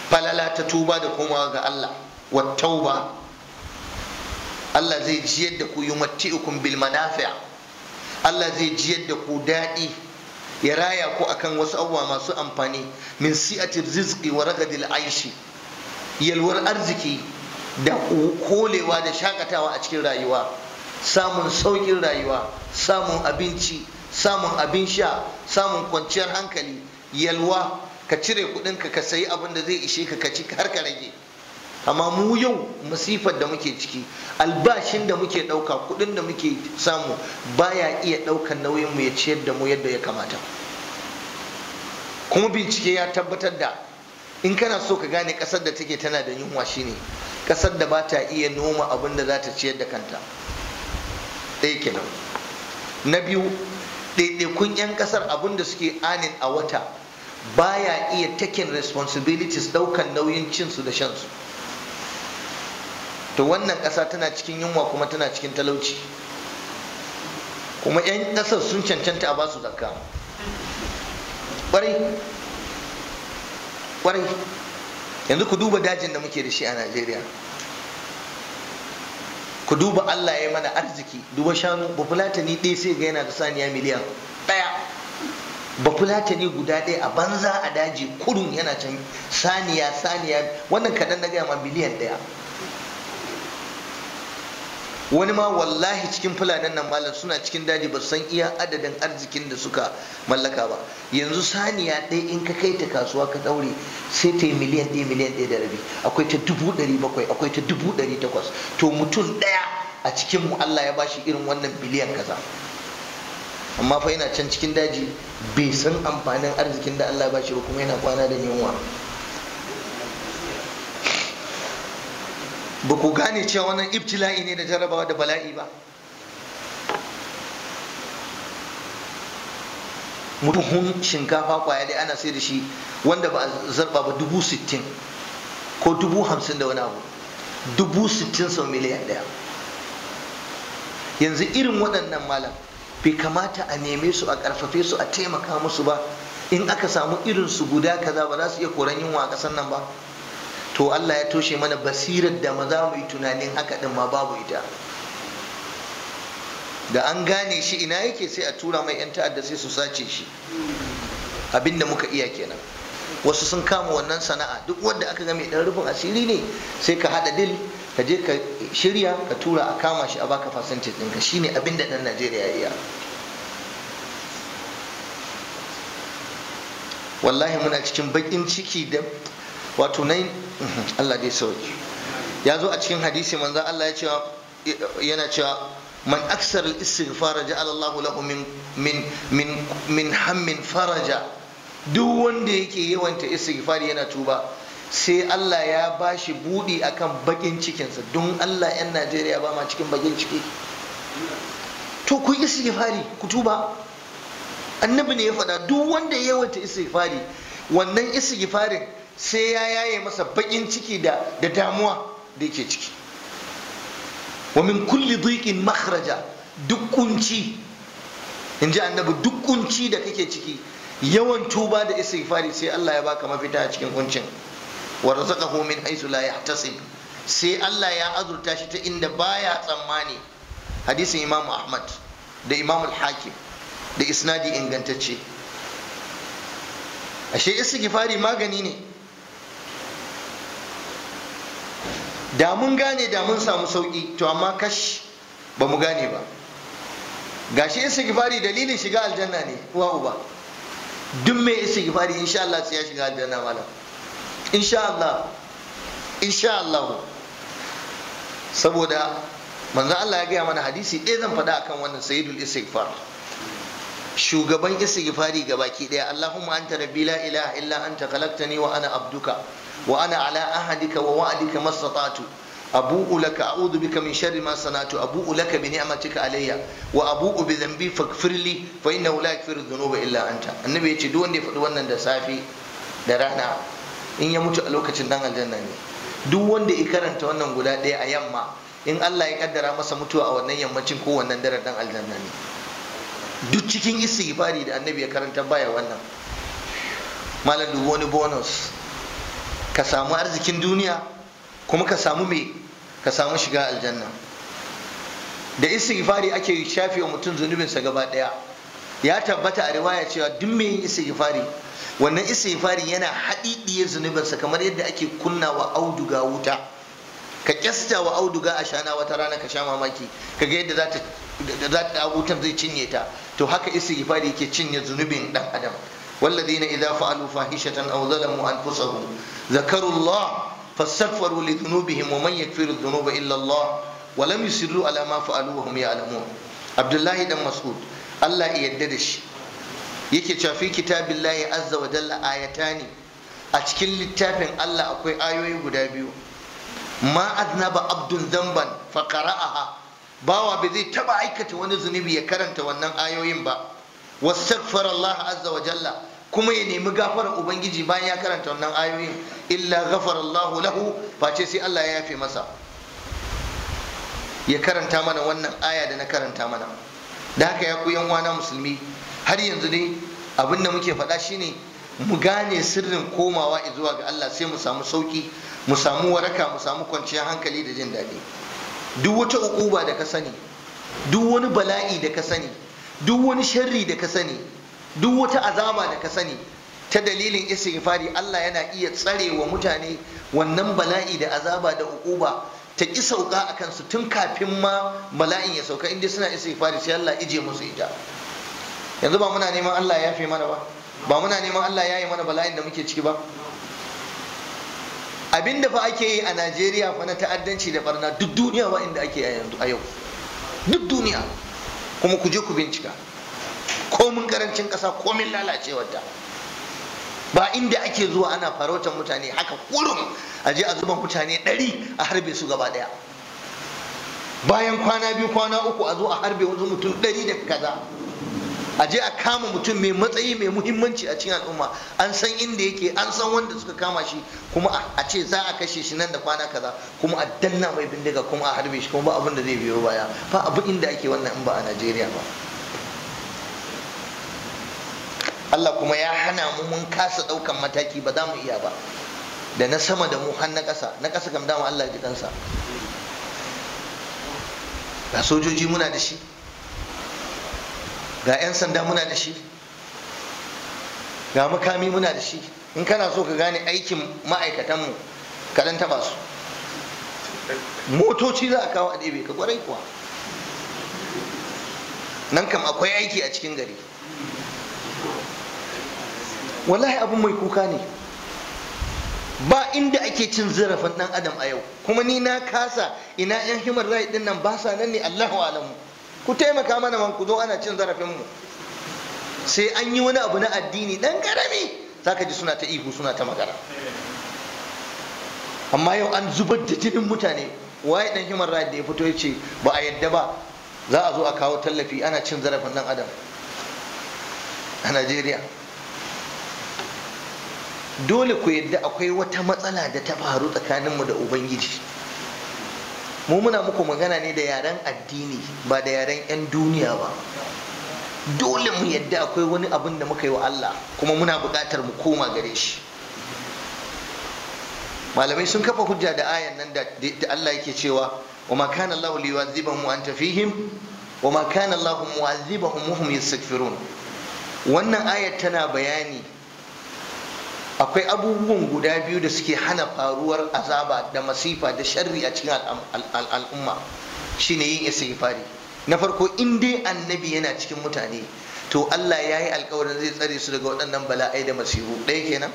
falala ta tuba da komawa ga Allah wa tauba Allah zai ji yadda ku yumatti'ukum bil manafi'a Allah zai ji yadda ku daɗi ya raya ku akan wasu abuwa masu amfani min si'atir rizqi wa ragadil aishi yalwar arziki da kolewa da shakatawa a cikin rayuwa samun saukin rayuwa samun abinci samun abin sha samun kwanciyar hankali yalwa ka cire kudinka ka sayi abin da zai ishe ka kaci har ka rage amma mu yau masifar da muke ciki albashin da muke ɗauka kuɗin da muke samu baya iya ɗaukan nauyin mu ya ciyar da mu yadda ya kamata kuma bincike ya tabbatar da in kana so ka gane ƙasar da take tana da yunwa shine ƙasar da ba ta iya noma abin da za ta ciyar da kanta ɗaya kenan na biyu ɗaiɗaikun 'yan ƙasar abun da suke anin a wata baya iya takin responsibilities ɗaukan nauyin cinsu da shansu to wannan ƙasa tana cikin yunwa kuma tana cikin talauci kuma 'yan ƙasar sun cancanta a basu zakka ƙwarai ƙwarai yanzu ku duba dajin da muke da shi a najeriya ku duba Allah ya mana arziki duba shanu bafulatani ɗaya sai ga yana da saniya miliyan ɗaya bafulatani guda ɗaya a banza a daji kurun yana can saniya saniya wannan kaɗan na gaya ma miliyan ɗaya wani ma wallahi cikin fulanin nan malam suna cikin daji ba san iya adadin arzikin da suka mallaka ba yanzu saniya ɗaya in ka kai ta kasuwa ka ɗaure sai ta yi miliyan ɗaya miliyan ɗaya da rabi akwai ta dubu ɗari bakwai akwai ta dubu ɗari takwas to mutum ɗaya a cikin mu Allah ya bashi irin wannan biliyan kaza amma fa yana can cikin daji bai san amfanin arzikin da Allah ya bashi ba kuma yana kwana da yunwa ba ku gane cewa wannan ibtila'i ne da jarabawa da bala'i ba mutuhun shinkafa kwaya dai ana sai da shi wanda ba a zarba ba dubu sittin ko dubu hamsin da wani abu dubu sittin sau miliyan daya yanzu irin waɗannan malam bai kamata a neme su a ƙarfafe su a taimaka musu ba in aka samu irinsu guda kaza ba za su iya koran yunwa a ƙasar nan ba to Allah ya toshe mana basirar da maza mu yi tunanin haka din ma babu ita da an gane shi ina yake sai a tura mai 'yan ta'adda sai su sace shi abinda muka iya kenan wasu sun kama wannan sana'a duk wanda aka ga mai dan rufin asiri ne sai ka hada dil ka je ka shirya ka tura a kama shi a baka percentage ka. shine abin da ɗan Najeriya ya iya wallahi muna cikin bakin ciki da wato nai mhm, Allah dai sauki ya zo a cikin hadisi manzan Allah ya cewa yana cewa man aksar al-istighfar Allah Allahu lahu min min min min hammin faraja duk wanda yake yawanta istighfar yana tuba sai Allah ya bashi budi akan bakin cikinsa don Allah 'yan Najeriya ba ma cikin bakin ciki to ku yi istighfari ku tuba annabi ne ya faɗa duk wanda yawanta yawanta istighfari wannan istighfarin sai ya yaye masa baƙin ciki da da damuwa da yake ciki wa min kulli dhiqin makhraja duk kunci in ji annabi duk kunci da kake ciki yawan tuba da istighfari sai Allah ya baka mafita a cikin kuncin wa razaqahu min haythu la yahtasib sai Allah ya azurta shi ta inda baya tsammani hadisin Imam Ahmad da Imam Al-Hakim da isnadi ingantacce ashe istighfari magani ne da mun gane da mun samu sauki to amma kash ba mu gane ba gashi istighfari dalilin shiga aljanna ne wa uba duk mai istighfari insha Allah sai ya shiga aljanna malam insha Allah insha Allah saboda manzo Allah ya gaya mana hadisi ɗaya zan faɗa akan wannan sayyidul istighfar shugaban istighfari gabaki ɗaya Allahumma anta rabbi la ilaha illa anta khalaqtani wa ana abduka wa ana ala ahadika wa wa'adika mastata'tu abu'u laka a'udhu bika min sharri ma sana'tu abu'u laka bi ni'matika alayya wa abu'u bi dhanbi faghfirli fa innahu la yaghfiru dhunuba illa anta annabi yace duk wanda ya faɗi wannan da safe da rana in ya mutu a lokacin dan aljanna ne duk wanda ya karanta wannan guda daya a yamma in Allah ya kaddara masa mutuwa a wannan yammacin ko wannan dare dan aljanna ne duk cikin istighfari da annabi ya karanta baya wannan malam dubu wani bonus ka samu arzikin duniya kuma ka samu me ka samu shiga aljanna da istighfari ake shafi wa mutum zunubinsa gaba daya ya tabbata a riwaya cewa duk mai istighfari wannan istighfari yana haɗiɗiyar zunubinsa kamar yadda ake kunna wa auduga wuta ka kyasta wa auduga a shana wata rana ka sha mamaki ka ga yadda za ta wutar zai cinye ta to haka istighfari yake cinye zunubin dan adam والذين إذا فعلوا فاحشة أو ظلموا أنفسهم ذكروا الله فاستغفروا لذنوبهم ومن يكفر الذنوب إلا الله ولم يسروا على ما فعلوا وهم يعلمون عبد الله بن مسعود الله يددش yake cewa fi kitabillahi azza wa jalla ayatani a cikin littafin Allah akwai ayoyi guda biyu ma aznaba abdun zamban fa qara'aha bawa bai zai taba aikata wani zunubi ya karanta wannan ayoyin ba wastaghfara Allah azza wa jalla kuma ya nemi gafarar ubangiji bayan ya karanta wannan ayoyin illa Allahu lahu face sai Allah ya yafe masa ya karanta mana wannan aya da na karanta mana da haka ya kuyan wana na musulmi har yanzu ne abin da muke faɗa shine mu gane sirrin komawa zuwa ga Allah sai mu samu sauki mu samu waraka mu samu kwanciyar hankali da jin daɗi duk wata ukuba da ka sani duk wani bala'i da ka sani duk wani sharri da ka sani duk wata azaba da ka sani ta dalilin istighfari Allah yana iya tsare wa mutane wannan bala'i da azaba da ukuba ta ki sauka a kansu tun kafin ma bala'in ya sauka inda suna istighfari sai Allah ije musu ita yanzu ba muna neman Allah ya yafe mana ba ba muna neman Allah ya yi mana bala'in da muke ciki ba abinda fa ake yi a Najeriya fa na ta'addanci da barna duk duniya wa inda ake a a yau duk duniya kuma ku je ku bincika komin karancin kasa komin lalacewarta ba inda ake zuwa ana farautar mutane haka kurum a je a zuba mutane ɗari a harbe su gaba ɗaya bayan kwana biyu kwana uku a zo a harbe wasu mutum ɗari da kaza a je a kama mutum mai matsayi mai muhimmanci a cikin al'umma an san inda yake an san wanda suka kama shi kuma a ce za a kashe shi nan da kwana kaza kuma a danna mai bindiga kuma a harbe shi kuma ba abin da zai biyo baya ba abin inda ake wannan in ba a najeriya ba Allah kuma ya hana mu mun kasa ɗaukan mataki ba za mu iya ba da na sama da mu har na ƙasa na ƙasa kam dama Allah ya ji kansa ga sojoji muna da shi ga 'yan sanda muna da shi ga makami muna da shi in kana so ka gane aikin ma'aikatanmu ka dan taba su motoci za a kawo a ɗebe ka kwarai kuwa nan kam akwai aiki a cikin gari wallahi abin mai kuka ne ba inda ake cin zarafin ɗan adam a yau kuma ni na kasa ina yan himar rai din nan ba sa nan ne Allahu alamu ku taimaka mana man ku zo ana cin zarafin mu sai an yi wani abu na addini dan karami zaka ji suna ta ihu suna ta magana amma yau an zubar da jinin mutane waye ɗan himar rai da ya fito ya ce ba a yadda ba za a zo a kawo tallafi ana cin zarafin ɗan adam a Najeriya dole ku yadda akwai wata matsala da ta faru tsakaninmu da ubangiji mu muna muku magana ne da yaren addini ba da yaren 'yan duniya ba dole mu yadda akwai wani abin da muka yi wa Allah kuma muna buƙatar mu koma gare shi malamai sun kafa hujja da ayan nan da Allah yake cewa wa ma kana Allahu liyu'adhibahum wa anta fihim wa ma kana Allahu mu'adhibahum wa hum yastaghfirun wannan ayat tana bayani akwai abubuwan guda biyu da suke hana faruwar azaba da masifa da sharri a cikin al'umma shine yin istighfari na farko in dai annabi yana cikin mutane to Allah ya yi alkawarin zai tsare su daga waɗannan bala'ai da masifu ɗaya kenan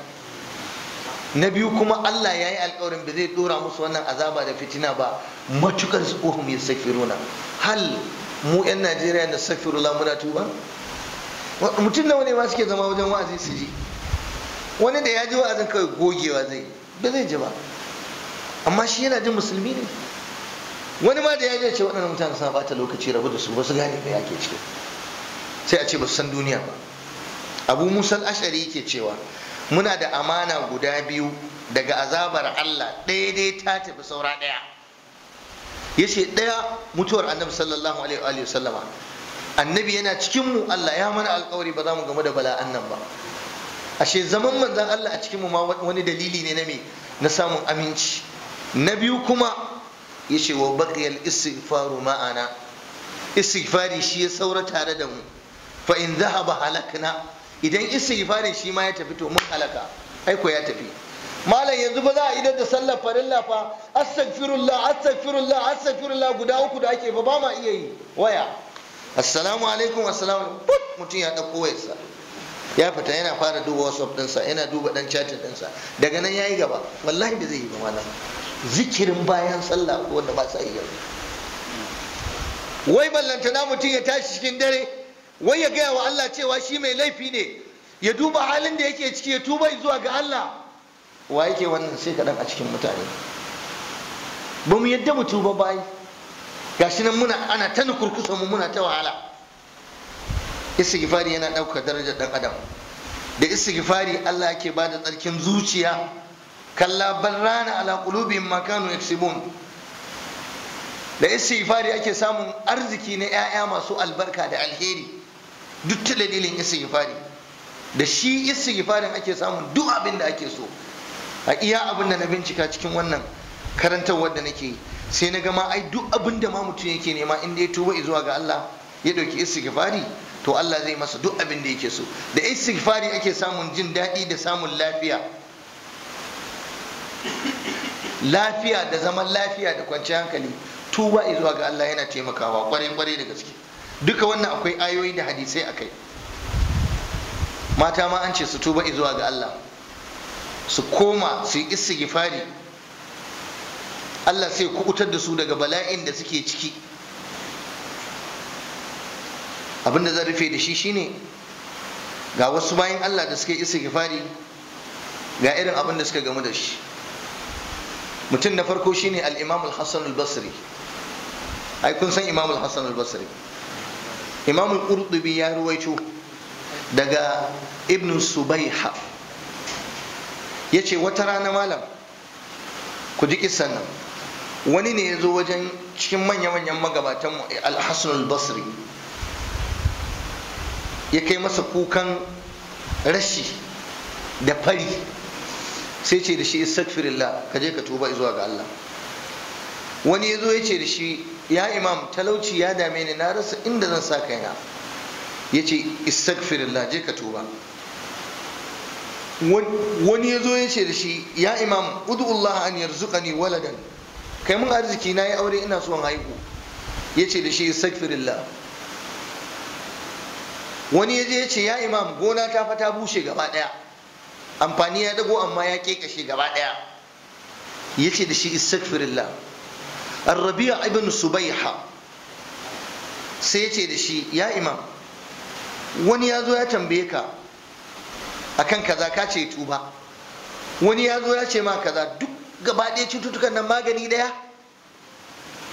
na biyu kuma Allah ya yi alkawarin ba zai ɗora musu wannan azaba da fitina ba matukar tsohon ya safiruna hal mu 'yan Najeriya na lamuna tuba mutum nawa ne ma suke zama wajen wa'azi su ji wani da ya ji wa'azin kawai gogewa zai ba zai ji ba amma shi yana jin musulmi ne wani ma da ya ce waɗannan mutane suna bata lokaci rabu da su ba su gane me yake ciki sai a ce ba su san duniya ba abu musal ashari yake cewa muna da amana guda biyu daga azabar allah ɗaya dai ta tafi saura ɗaya ya ce ɗaya mutuwar annabi sallallahu alaihi wa sallama annabi yana cikinmu allah ya mana alkawari ba za mu gamu da bala'an nan ba ashe zaman manzan Allah a cikin mu ma wani dalili ne na me na samun aminci na biyu kuma yace wa baqiyal istighfaru ma'ana istighfari shi ya saura tare da mu fa in dhahaba halakna idan istighfarin shi ma ya tafi to mun halaka aiko ya tafi malam yanzu ba za a idar da sallar farilla fa astaghfirullah astaghfirullah astaghfirullah guda uku da ake ba ba ma iya yi waya assalamu alaikum assalamu alaikum mutum ya dauko wayarsa ya fita yana fara duba whatsapp ɗinsa yana duba dan chatin dinsa daga nan ya yi gaba wallahi da zai yi ba malam zikirin bayan sallah ko wanda ba sa yi yau wai na mutum ya tashi cikin dare wai ya gaya wa Allah cewa shi mai laifi ne ya duba halin da yake ciki ya tuba zuwa ga Allah wa yake wannan sai kaɗan a cikin mutane ba mu yadda mu tuba bayi gashi nan muna ana ta nukurkusa mu muna ta wahala istighfari yana ɗaukar darajar ɗan adam da istighfari Allah yake ba da tsarkin zuciya kalla barrana ala qulubihim ma kanu yaksibun da istighfari ake samun arziki na 'ya'ya masu albarka da alheri duk ta dalilin istighfari da shi istighfarin ake samun duk abin da ake so a iya abin da na bincika cikin wannan karantar da nake yi sai na gama ai duk abin da ma mutum yake nema inda ya tuba zuwa ga Allah ya ɗauki istighfari to Allah zai masa duk abin da yake so da istighfari ake samun jin daɗi da samun lafiya lafiya da zaman lafiya da kwanciyar hankali tuba zuwa ga Allah yana taimakawa kwarai kwarai da gaske duka wannan akwai ayoyi da hadisai a kai. mata ma an ce su tuba zuwa ga Allah su koma su yi Allah sai kukutar da su daga bala'in da suke ciki abinda zan rufe da shi shine ga wasu bayan Allah da suka isa gifari ga irin abin da suka gamu da shi mutum na farko shine al-Imam al-Hassan al-Basri ai san Imam al-Hassan al-Basri Imam al-Qurtubi ya ruwaito daga Ibn Subaiha yace wata rana malam ku ji kissan nan wani ne ya zo wajen cikin manya-manyan magabatanmu al-Hassan al-Basri ya kai masa kukan rashi da fari sai ce da shi istaghfirillah ka je ka tuba zuwa ga Allah wani ya zo ya ce da shi ya imam talauci ya dame ni na rasa inda zan sa kaina ya ce istaghfirillah je ka tuba wani ya zo ya ce da shi ya imam ud'ullah an yarzuqani waladan kai mun arziki na yi aure ina son haihu ya ce da shi istaghfirillah wani ya je ya ce ya imam gona ta fa ta bushe gaba daya amfani ya dago amma ya kekashe gaba daya ya ce da shi istaghfirullah su ibn subaiha sai ya ce da shi ya imam wani ya zo ya tambaye ka akan kaza ka ce tuba wani ya zo ya ce ma kaza duk gaba ɗaya cututtukan nan magani ɗaya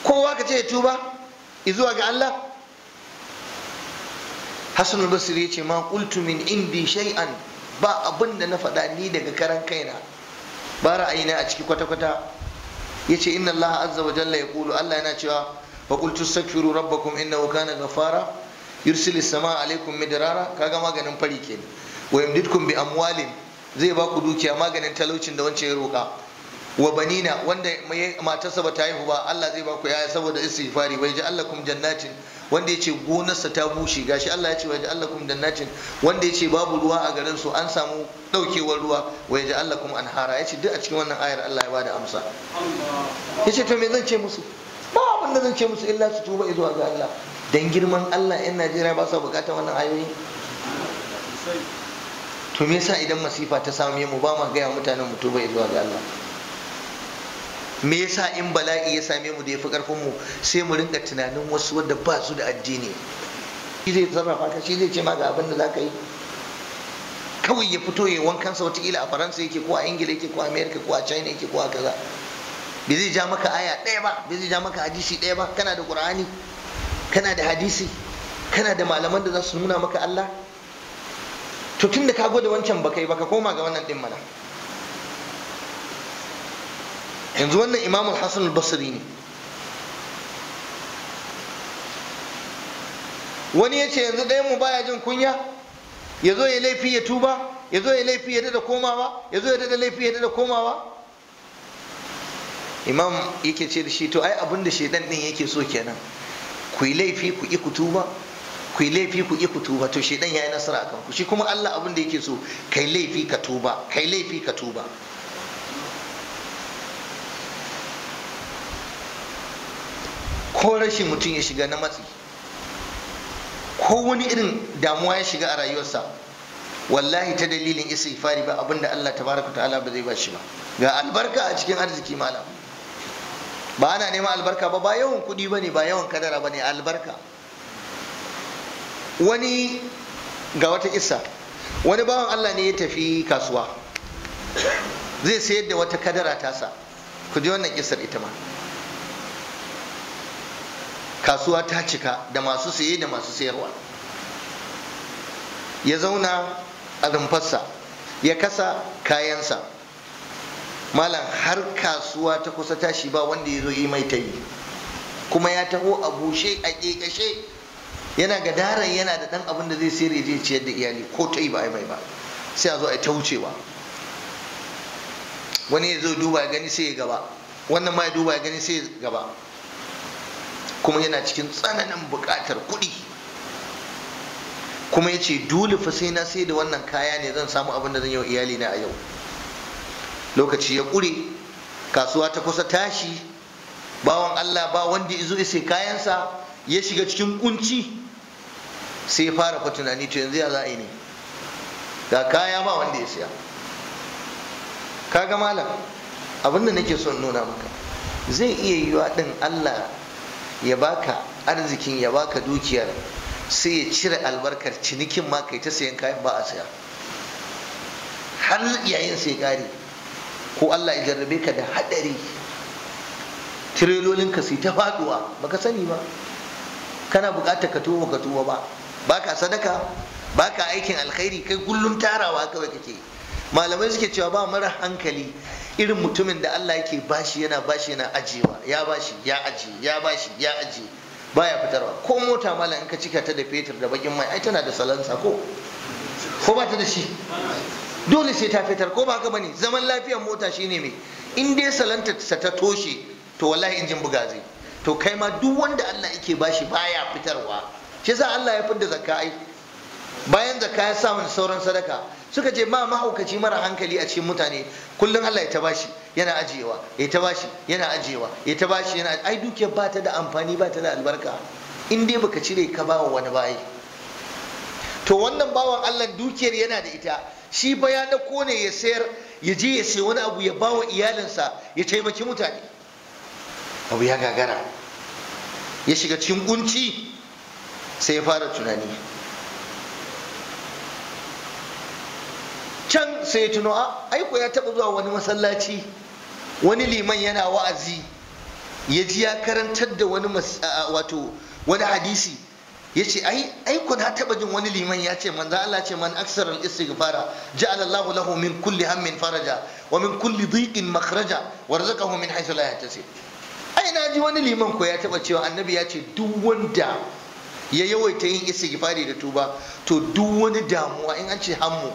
kowa ka ce tuba izuwa ga Allah hasan basiri ya ce ma qultu min indi shay'an ba abin da na faɗa ni daga karan kaina ba ra'ayina a ciki kwata-kwata yace inna allaha azza wa jalla ya kulu allah yana cewa fa qultu Inna rabbakum na kana ghafara yursilu samaa alaikum midrara kaga maganin fari ke? wa yamdidkum bi amwalin zai ba ku dukiya maganin talaucin da wancan ya roka wa banina wanda matarsa ba ta haihu ba Allah zai ba ku yaya saboda istighfari wa yaj'alakum jannatin wanda ya ce gonarsa ta bushe gashi Allah ya ce Allah kuma kum jannatin wanda ya ce babu ruwa a garin su an samu daukewar ruwa wa ja'alla an anhara ya ce duk a cikin wannan ayar Allah ya bada amsa ya ce to me zan ce musu ba abin da zan ce musu illa su tuba zuwa ga Allah dan girman Allah yan Najeriya ba sa bukatar wannan ayoyi to me yasa idan masifa ta same mu ba ma gaya mutanen mu tuba zuwa ga Allah me yasa in bala'i ya same mu da ya fi karfin mu sai mu rinka tunanin wasu wanda ba su da addini shi zai sarrafa ka shi zai ce ma ga abin da za ka yi kawai ya fito ya wankan sa wataƙila a faransa yake ko a ingila yake ko a amerika ko a china yake ko a kaza bai zai ja maka aya ɗaya ba bai zai ja maka hadisi ɗaya ba kana da ƙur'ani kana da hadisi kana da malaman da za su nuna maka allah to tun da ka gwada wancan ba kai ba ka koma ga wannan ɗin mana yanzu wannan imamul hasan al-basri ne wani ya ce yanzu ɗayan mu baya jin kunya ya zo ya laifi ya tuba ya zo ya laifi ya dada komawa ya zo ya dada laifi ya dada komawa imam yake ce da shi to ai abinda da shaidan din yake so kenan ku yi laifi ku yi ku tuba ku yi laifi ku ki ku tuba to shaidan yi nasara a kanku shi kuma Allah abinda yake so kai laifi ka tuba kai laifi ka tuba ko rashin mutum ya shiga na matsi ko wani irin damuwa ya shiga a rayuwarsa wallahi ta dalilin isa istighfari ba abinda Allah tabaraka ta'ala ba zai ba shi ba ga albarka a cikin arziki malam ba ana neman albarka ba ba yawan kuɗi ba ne ba yawan kadara ba ne albarka wani ga wata isa wani bawan Allah ne ya tafi kasuwa zai sayar da wata kadara tasa ku ji wannan kisar ita ma kasuwa ta cika da masu saye da masu sayarwa ya zauna a rumfarsa ya kasa kayansa malam har kasuwa ta kusa tashi ba wanda ya zo yi mai tayi kuma ya taho a bushe a ƙeƙashe yana ga daren yana da ɗan abin da zai sayar ya ciyar da iyali ko ta yi ba a mai ba sai a zo a ta wucewa wani ya zo duba ya gani sai ya gaba wannan ma ya duba ya gani sai ya gaba kuma yana cikin tsananin buƙatar kuɗi kuma ya ce dole fa sai na sai da wannan kaya ne zan samu abin da zan yi wa na a yau lokaci ya ƙure kasuwa ta kusa tashi bawan allah ba wanda izo isai kayansa ya shiga cikin kunci sai fara fa tunani to yanzu ya za a yi ne ga kaya ba wanda ya siya kaga malam abin da nake son nuna maka zai iya yiwa ɗin allah ya baka arzikin ya baka dukiyar sai ya cire albarkar cinikin ma kai ta sayan kayan ba a saya har yayin sai gari ko Allah ya jarrabe ka da hadari tirelolin ka sai ta faduwa baka sani ba kana bukatar ka tuba ka tuba ba baka sadaka baka aikin alkhairi kai kullum tarawa kawai kake malamai suke cewa ba mara hankali irin mutumin da Allah yake bashi yana bashi yana ajiyewa ya bashi ya ajiye ya bashi ya ajiye baya fitarwa ko mota malam in ka cika ta da fetur da bakin mai ai tana da salansa ko ko ba ta da shi dole sai ta fitar ko ba ka bane zaman lafiyar mota shine me in dai salanta ta toshe to wallahi injin buga zai to kai ma duk wanda Allah yake bashi baya fitarwa shi yasa Allah ya fidda zakka ai bayan zakka ya samu sauran sadaka suka ce ma mahaukaci mara hankali a cikin mutane kullum Allah ya ta bashi yana ajiyewa ya ta bashi yana ajiyewa ya ta bashi yana ai dukiyar ba ta da amfani ba ta da albarka in dai baka cire ka bawa wani bayi to wannan bawan Allah dukiyar yana da ita shi ba ya da ne ya sayar ya je ya sayi wani abu ya ba wa iyalinsa ya taimaki mutane abu ya gagara ya shiga cikin kunci sai ya fara tunani sai ya tuno a ah, ko ya taɓa zuwa wani masallaci wani liman yana wa'azi ya ji ya karantar da wani wato wani hadisi ya ce ai ko na taɓa jin wani liman ya ce manzo Allah ce man aksar al istighfara ja'ala Allahu lahu min kulli hammin faraja wa min kulli dhiqin makhraja warzaqahu min haythu la yahtasib ai na ji wani liman ko ya taɓa cewa annabi ya ce duk wanda ya yawaita yin istighfari da tuba to duk wani damuwa in an ce hammu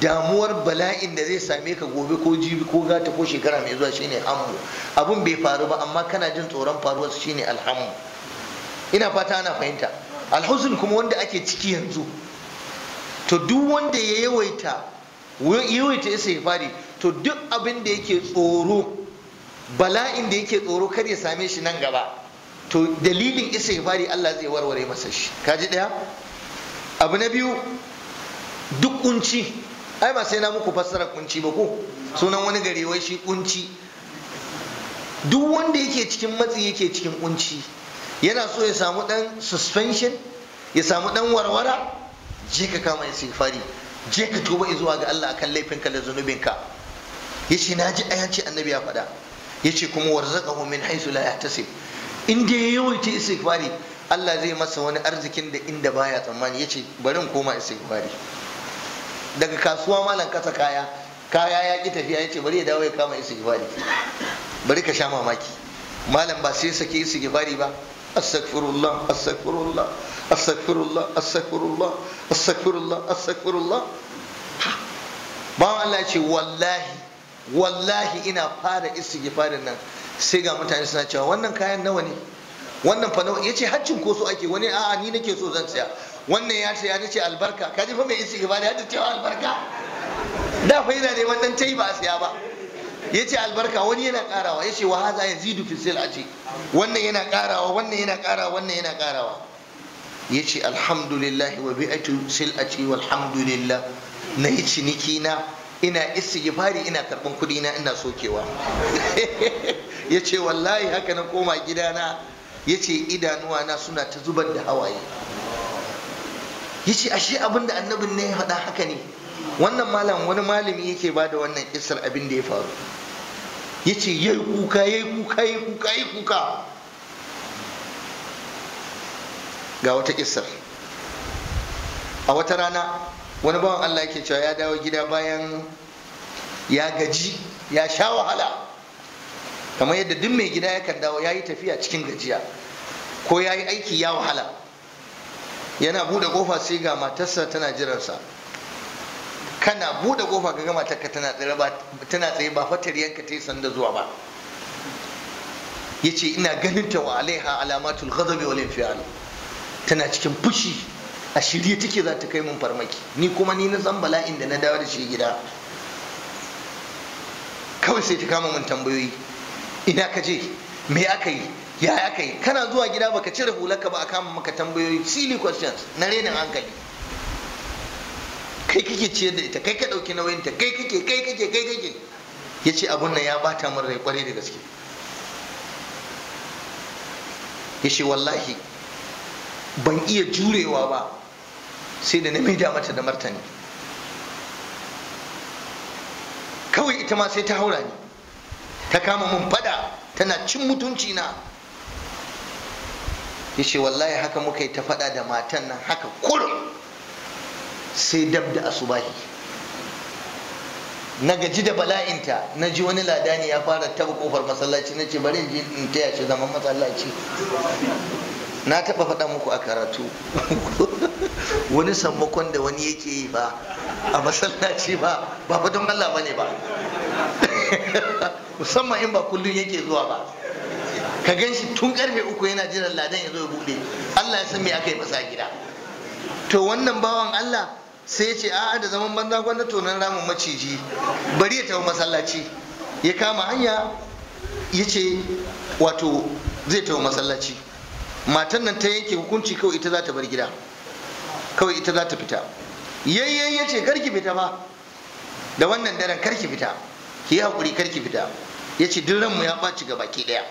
damuwar bala'in da zai same ka gobe ko jibi ko gata ko shekara mai zuwa shine hammu abun bai faru ba amma kana jin tsoron faruwa su shine alhammu ina fata ana fahimta alhusun kuma wanda ake ciki yanzu to duk wanda ya yawaita yawaita isa ya fari to duk abin da yake tsoro bala'in da yake tsoro kar ya same shi nan gaba to dalilin isa ya fari Allah zai warware masa shi kaji daya abu na biyu duk kunci ai ba sai na muku fassara kunci ba ko sunan wani gari wai shi kunci duk wanda yake cikin matsi yake cikin kunci yana so ya samu dan suspension ya samu dan warwara je ka kama istighfari je ka tuba zuwa ga Allah akan laifinka da zunubinka yace na ji ayanci annabi ya faɗa yace kuma warzaqahu min haythu la yahtasib in dai ya yawaita istighfari Allah zai masa wani arzikin da inda baya tsammani yace bari in koma istighfari daga kasuwa malam kasa kaya kaya ya ki tafiya ya ce bari ya dawo ya kama isu gifari bari ka sha mamaki malam ba sai sake isu gifari ba astagfirullah astagfirullah astagfirullah astagfirullah astagfirullah astagfirullah bawan Allah ce wallahi wallahi ina fara istighfarin nan sai ga mutane suna cewa wannan kayan nawa ne wannan fa nawa yace haccin ko so ake wani a'a ni nake so zan saya wannan ya ce ya ce albarka ka ji fa mai istighfari ya ce cewa albarka da fa yana neman dan tayi ba a siya ba ya ce albarka wani yana karawa ya ce wa haza ya zidu fi sil'ati wannan yana karawa wannan yana karawa wannan yana karawa ya ce alhamdulillah wa bi'atu sil'ati walhamdulillah na yi ciniki na ina istighfari ina karban kudi na ina sokewa <laughs> ya ce wallahi haka na koma gidana ya ce idanuwa na suna ta zubar da hawaye yace ashe abinda annabin ne ya faɗa haka ne wannan malam wani malami yake ba da wannan kisar abin da ya faru yace yayi kuka yayi kuka yayi kuka yayi kuka ga wata kisar a wata rana wani bawan Allah yake cewa ya dawo gida bayan ya gaji ya sha wahala kamar yadda duk mai gida yakan dawo ya yi tafiya cikin gajiya ko ya yi aiki ya wahala yana bude kofa sai ga matarsa tana jiransa kana bude kofa ka ga matarka tana tsaye ba tana tsaye ba fatar yanka ta yi sanda zuwa ba yace ina ganin ta wa alaiha alamatul ghadabi wal infial tana cikin fushi a shirye take za ta kai mun farmaki ni kuma ni na san bala'in da na dawo da shi gida kawai sai ta kama mun tambayoyi ina ka je me aka yi ya aka yi kana zuwa gida baka cire hularka ba a kama maka tambayoyi silly questions na renin hankali kai kake ciyar da ita kai ka ɗauki ta, kai kake kai kake kai kake ya ce abun nan ya bata min rai kwarai da gaske ya ce wallahi ban iya jurewa ba sai da na maida mata da martani kawai ita ma sai ta haura ni ta kama mun fada tana cin mutunci na yace wallahi haka muka yi ta faɗa da matan nan haka kurum sai dab da asubahi na gaji da bala'inta na ji wani ladani ya fara taba kofar masallaci na ce bari in ji in taya shi zaman masallaci na taba faɗa muku a karatu <laughs> wani sammakon da wani yake yi ba a masallaci ba ba fa don Allah bane ba <laughs> musamman in ba kullun yake zuwa ba ka gan shi tun karfe uku yana jiran ladan ya zo ya buɗe Allah ya san me aka yi masa gida to wannan bawan Allah sai ya ce a'a da zaman banza gwanda tonan ramin maciji bari ya tafi masallaci ya kama hanya ya ce wato zai tafi masallaci matan nan ta yanke hukunci kawai ita za ta bar gida kawai ita za ta fita yayyan ya ce karki fita ba da wannan daren karki fita ki yi haƙuri karki fita ya ce duk ranmu ya ɓaci ga baki ɗaya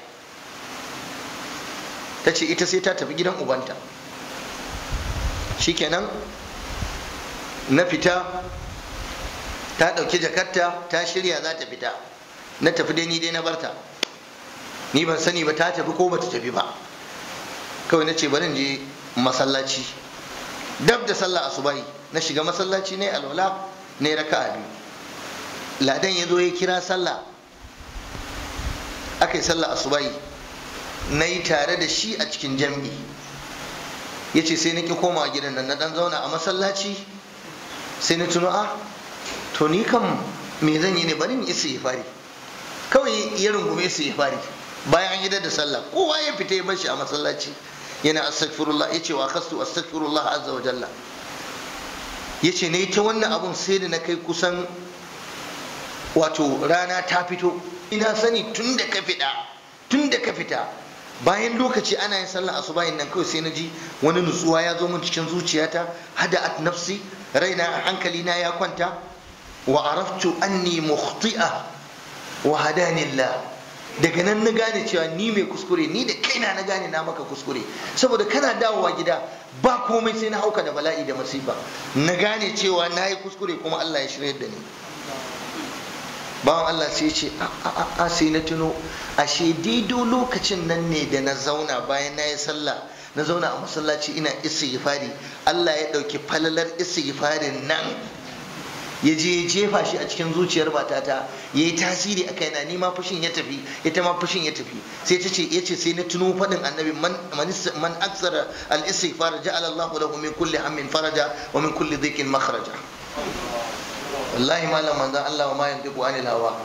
ta ce ita sai ta tafi gidan ubanta shikenan na fita ta ɗauki jakarta ta shirya za ta fita na tafi dai ni dai na barta ni ban sani ba ta tafi ko bata tafi ba kawai na ce barin je masallaci dab da sallah asubahi na shiga masallaci ne alwala ne raka biyu ladan ya zo ya kira sallah aka yi sallah asubahi na yi tare da shi a cikin jam'i ya ce sai na ƙi koma gidan nan na ɗan zauna a masallaci sai na tuno a ah, to ni kam me zan yi ne bari ni isa ya fari kawai ya rungume su ya fari bayan an da sallah kowa ya fita ya bashi a masallaci yana astaghfirullah ya ce wa kastu astaghfirullah azza wa jalla ya ce na yi ta wannan abun sai da na kai kusan wato rana ta fito ina sani tun da ka fita tun da ka fita bayan lokaci ana yin sallar asubahin nan kawai sai na ji wani nutsuwa ya zo min cikin zuciyata hada at nafsi raina a hankali na ya kwanta wa araftu anni mukhti'a wa hadani Allah daga nan na gane cewa ni mai kuskure ni da kaina na gane na maka kuskure saboda kana dawowa gida ba komai sai na hauka da bala'i da masifa na gane cewa na yi kuskure kuma Allah ya shirya da ni bawan Allah sai ce a sai na tuno ashe dido lokacin nan ne da na zauna bayan na yi sallah na zauna a masallaci ina istighfari Allah ya ɗauki falalar istighfarin nan ya je jefa shi a cikin zuciyar matata ya yi tasiri a kaina ni ma fushin ya tafi ita ma fushin ya tafi sai ta ce yace sai na tuno faɗin annabi man aksara al-istighfar ja'ala Allahu lahu min kulli hammin faraja wa min kulli dhikin makhraja wallahi malam manzo Allah wa ma yantiqu anil hawa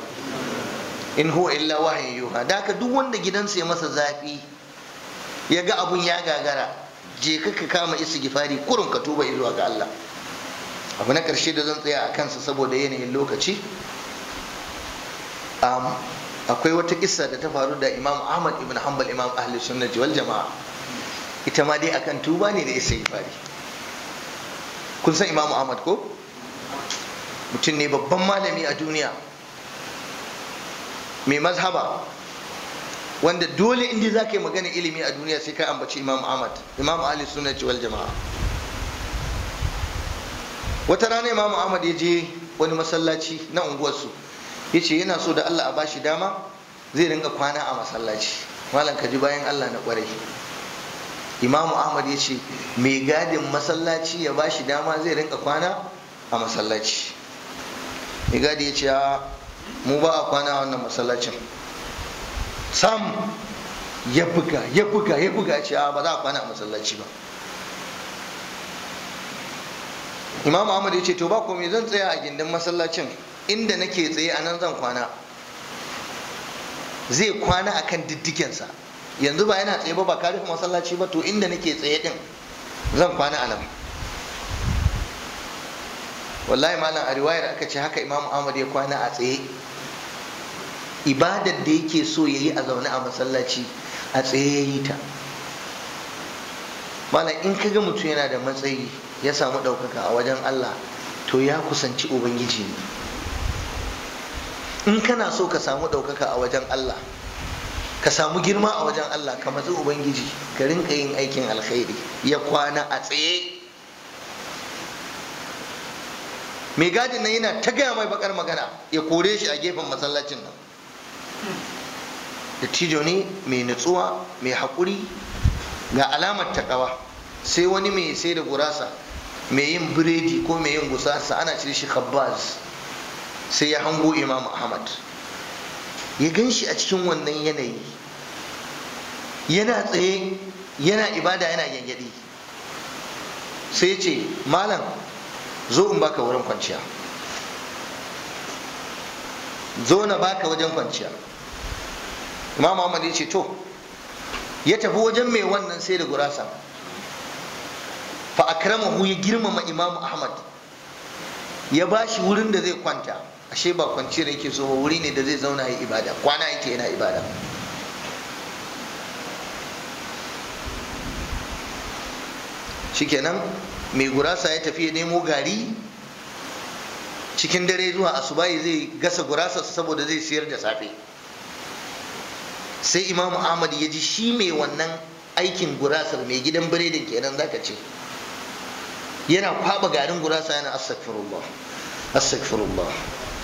in huwa illa wahyin yuha da ka duk wanda gidansa ya masa zafi ya ga abun ya gagara je ka ka kama gifari kurun ka tuba zuwa ga Allah abu na karshe da zan tsaya a kansa saboda yanayin lokaci akwai wata kissa da ta faru da imam ahmad ibn hanbal imam ahli sunnah wal jama'a ita ma dai akan tuba ne da isa gifari. kun san imam ahmad ko mutum ne babban malami a duniya mai mazhaba wanda dole inda za ka yi magana ilimi a duniya sai ka ambaci imam ahmad imam ali suna wal jama'a wata rana imam ahmad ya je wani masallaci na unguwarsu ya ce yana so da allah a bashi dama zai ringa kwana a masallaci malam ka ji bayan allah na kwarai Imam ahmad ya ce mai gadin masallaci ya bashi dama zai rinka kwana a masallaci mai gadi ya ce a mu ba a kwana a wannan masallacin sam ya buga ya buga ya buga ya ce a ba za a kwana a masallaci ba imam ahmad ya ce to ba komai zan tsaya a gindin masallacin inda nake tsaye a nan zan kwana zai kwana a kan diddikensa yanzu ba yana tsaye ba ba ka rufe masallaci ba to inda nake tsaye din zan kwana a nan wallahi malam a riwayar aka ce haka imam ahmad ya kwana a tsaye ibadar da yake so ya yi a zaune a masallaci a tsaye ya yi ta malam in ka ga mutum yana da matsayi ya samu ɗaukaka a wajen allah to ya kusanci ubangiji ne in kana so ka samu ɗaukaka a wajen allah ka samu girma a wajen allah ka matsi ubangiji ka rinka yin aikin alkhairi ya kwana a tsaye mai gadin nan yana ta gaya mai bakar magana ya kore shi a gefen masallacin nan dattijo ne mai nutsuwa mai haƙuri ga alamar takawa sai wani mai sai da gurasa mai yin biredi ko mai yin gusasa ana cire shi khabbaz sai ya hango imam ahmad ya gan shi a cikin wannan yanayi yana tsaye yana ibada yana gyangyaɗi sai ce malam zo in baka wurin kwanciya zo na baka wajen kwanciya imam ahmad ya ce to ya tafi wajen mai wannan sai da gurasa fa akramahu ya girmama imam ahmad ya bashi wurin da zai kwanta ashe ba kwanciyar yake so wuri ne da zai zauna ya ibada kwana yake yana ibada shikenan mai gurasa ya tafi ya nemo gari cikin dare zuwa asubahi zai gasa gurasa saboda zai siyar da safe sai imamu ahmad ya ji shi mai wannan aikin gurasar mai gidan biredin kenan zaka ce yana kwaba garin gurasa yana Asafirullah,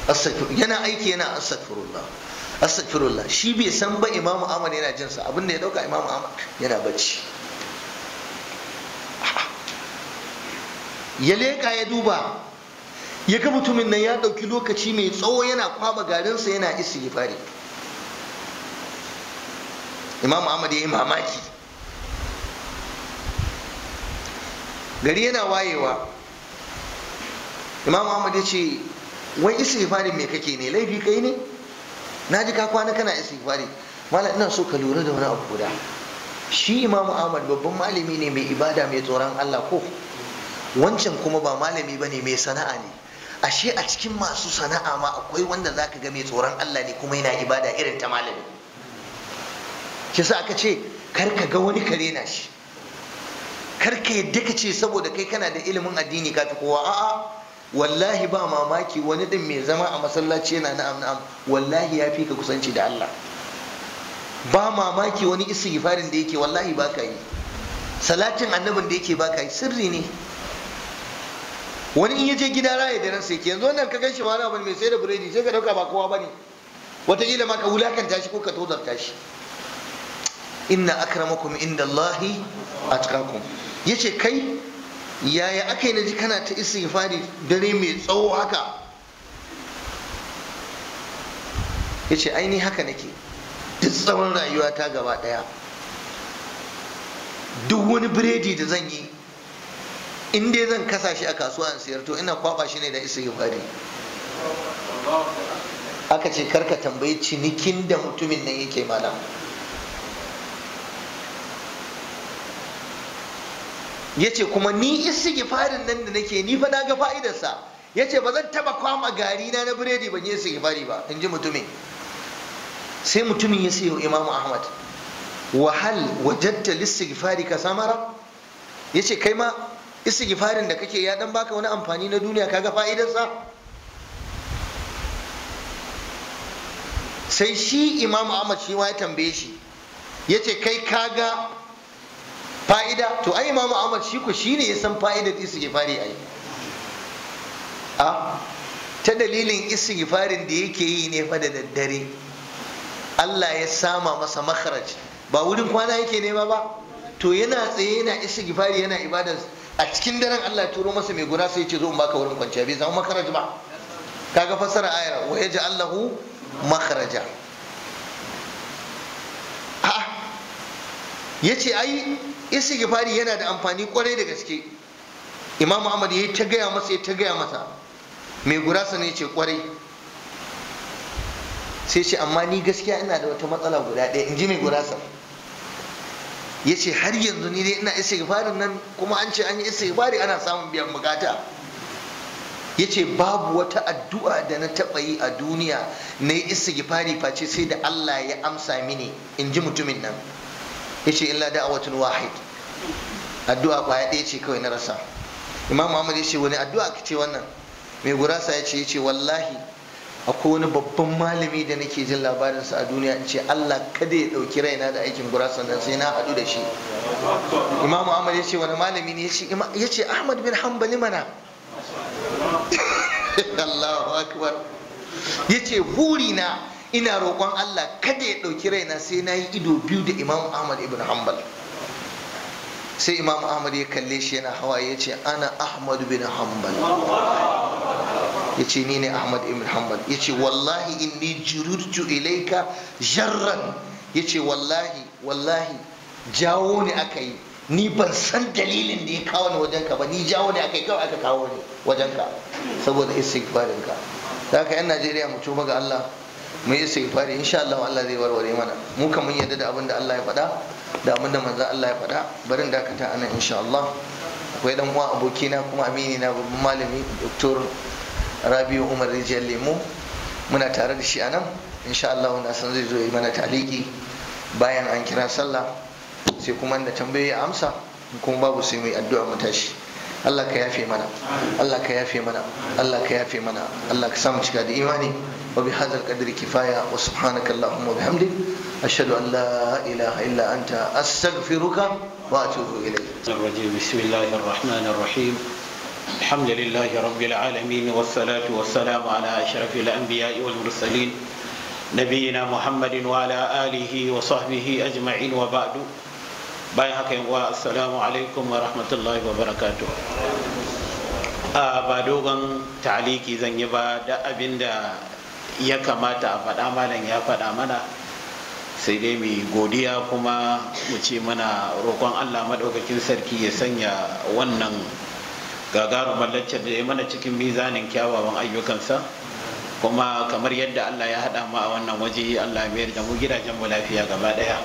Asafirullah, yana aiki yana Asafirullah, Asafirullah. shi bai san ba imamu ahmad yana jinsa abinda ya dauka imamu ahmad yana bacci ya leƙa ya duba ya ga mutumin nan ya ɗauki lokaci mai tsawo yana kwaba garinsa yana isi fari imam ahmad ya yi mamaki gari yana wayewa imam ahmad ya ce wai isi fari mai kake ne laifi kai ne na ji ka kwana kana isi fari mala ina so ka lura da wani abu guda shi imamu ahmad babban malami ne mai ibada mai tsoron allah ko wancan kuma ba malami bane mai sana'a ne ashe a cikin masu sana'a ma akwai wanda zaka ga mai tsoron Allah ne kuma yana ibada irin ta malami kisa aka ce kar ka ga wani kare na shi kar ka yadda ka ce saboda kai kana da ilimin addini ka fi kowa a'a wallahi ba mamaki wani din mai zama a masallaci yana na'am na'am wallahi ya fi ka kusanci da Allah ba mamaki wani istighfarin da yake wallahi ba ka yi salatin annabin da yake ba ka yi sirri ne wani in ya je gida raya da ransa ke, yanzu wannan ka gan shi ba wani abu mai sai da biredi sai ka dauka ba kowa bane kila ma ka wulakanta shi ko ka tozarta shi inna akramakum inda atqakum yace kai yaya akai na ji kana ta istighfari dare mai tsawo haka yace aini haka nake duk tsawon rayuwa ta gaba daya duk wani biredi da zan yi in dai zan kasa shi a kasuwa in sayar to ina kwaba shi ne da isa yubari aka ce karka tambayi cinikin da mutumin nan yake mana ya ce kuma ni farin nan da nake ni fa na ga fa'idarsa ya ce ba zan taba kwama gari na na biredi ban yi fari ba in ji mutumin sai mutumin ya sayo imamu ahmad wahal wajatta listighfari ka samara ya ce kai ma istighfarin da kake ya dan baka wani amfani na duniya kaga fa'idarsa sai shi imamu ahmad shi ma ya tambaye shi ya ce kai kaga fa'ida to ai imamu ahmad shi ku shi ne ya san fa'idar istighfari ai a ta dalilin istighfarin da yake yi ne fa da daddare Allah ya sama masa makharaj ba wurin kwana yake nema ba to yana tsaye yana istighfari yana ibadar a cikin daren Allah ya turo masa mai guda sai ce zo in baka wurin kwanciya bai zama makaraj ba kaga fassara ayar wa yaji Allahu makaraja a yace ai gifari yana da amfani kwarai da gaske Imam Ahmad yayi ta gaya masa ya ta gaya masa mai guda sa ne ce kwarai sai ce amma ni gaskiya ina da wata matsala guda ɗaya in ji mai gurasa ya ce har yanzu ni dai ina istighfarin nan kuma an ce an yi istighfari ana samun biyan bukata ya ce babu wata addu'a da na taɓa yi a duniya na yi istighfari face sai da Allah ya amsa mini in ji mutumin nan ya ce illa watan wahid addu'a kwaya ɗaya ce kawai na rasa imam Muhammad ya ce wani addu'a ka ce wannan mai gurasa ya ce ya ce wallahi akwai wani babban malami da nake jin labarinsa a duniya in ce Allah kada ya ɗauki raina da aikin gurasan nan sai na haɗu da shi imamu ahmad ya ce wani malami ne ya ce ahmad bin hanbali mana <laughs> Allahu akbar ya ce burina ina roƙon Allah kada ya ɗauki raina sai na yi ido biyu da imamu ahmad ibn hanbal sai imamu ahmad ya kalle shi yana hawa ya ce ana ahmad bin hanbal yace ni ne Ahmad ibn Hanbal yace wallahi inni jururtu ilaika jarran yace wallahi wallahi jawo ne aka yi ni ban san dalilin da ya kawo ni wajen ka ba ni jawo ne aka yi kawai aka kawo ni wajen ka saboda istighfarin ka da haka yan Najeriya mu tuba ga Allah mu yi istighfari insha Allah Allah zai warware mana mu kan mun yadda da abin da Allah ya faɗa da abin da Allah ya faɗa barin dakata anan insha Allah akwai dan uwa abokina kuma amini na babban malami doktor Rabi umar rijiyar lemu muna tare da shi a nan insha na san zai zo yi mana taliki bayan an kira sallah sai kuma da tambaye ya amsa kuma babu sai mai addu'a mu tashi Allah ka yafe mana Allah ka yafe mana Allah ka yafe mana Allah ka samu cika da imani wa bi hadzal qadri kifaya wa subhanaka allahumma wa bihamdik ashhadu an la ilaha illa anta astaghfiruka wa atubu ilayk. Bismillahir rahmanir rahim. الحمد لله رب العالمين والصلاة والسلام على أشرف الأنبياء والمرسلين نبينا محمد وعلى آله وصحبه أجمعين وبعد بايحك والسلام عليكم ورحمة الله وبركاته ba dogon taliki zan yi ba da abin da ya kamata a faɗa malam ya faɗa mana sai dai mai godiya kuma mu ce mana roƙon allah maɗaukakin sarki ya sanya wannan gagarumar ballacce da ya mana cikin mizanin kyawawan ayyukansa kuma kamar yadda Allah ya haɗa mu a wannan waje Allah mayar da mu gidajen mu lafiya gaba ɗaya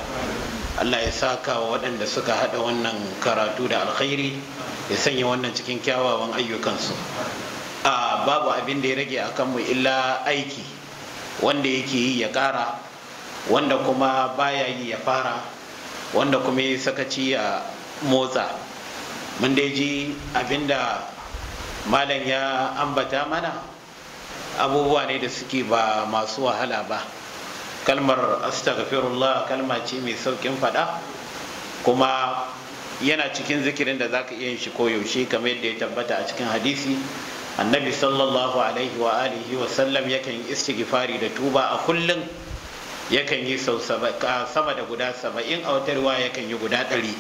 Allah ya saka wa waɗanda suka haɗa wannan karatu da alkhairi ya sanya wannan cikin kyawawan ayyukansu a babu abin da ya rage a kanmu illa aiki wanda yake yi ya ƙara wanda kuma baya yi ya fara wanda kuma ya sakaci ya motsa mun dai ji abinda malam ya ambata mana abubuwa ne da suke ba masu wahala ba kalmar astaghfirullah kalma ce mai saukin fada kuma yana cikin zikirin da zaka iya yin shi koyaushe kamar yadda ya tabbata a cikin hadisi annabi sallallahu alaihi wa alihi wa sallam yakan yi istighfari da tuba a kullum yakan yi sama da guda saba'in a wata yakan yi guda ɗari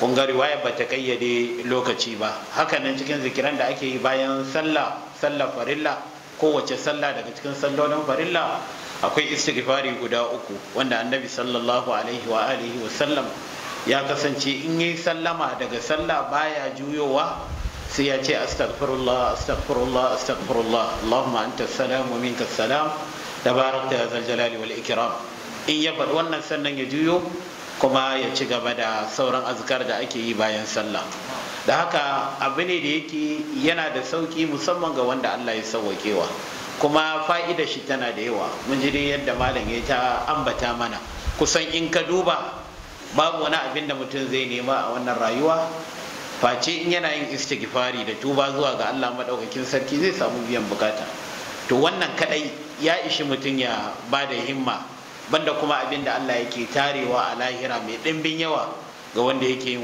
kun ga riwaya ba ta kayyade lokaci ba hakanan cikin zikiran da ake yi bayan sallah sallah farilla kowace sallah daga cikin sallolin farilla akwai istighfari guda uku wanda annabi sallallahu alaihi wa alihi wa sallam ya kasance in yi sallama daga sallah baya juyowa sai ya ce astaghfirullah astaghfirullah astaghfirullah allahumma anta salam wa minka salam tabarakta ya zal jalali wal ikram in ya faɗi wannan sannan ya juyo kuma ya ci gaba da sauran azkar da ake yi bayan sallah da haka abu ne da yake yana da sauki musamman ga wanda Allah ya sauwakewa kuma fa'idar shi tana da yawa mun ji dai yadda malam ya ta ambata mana kusan in ka duba babu wani abin da mutum zai nema a wannan rayuwa face in yana yin istighfari da tuba zuwa ga Allah madaukakin sarki zai samu biyan bukata to wannan kadai ya ishi mutum ya bada himma banda kuma abin da Allah yake tarewa a lahira mai ɗimbin yawa ga wanda yake yin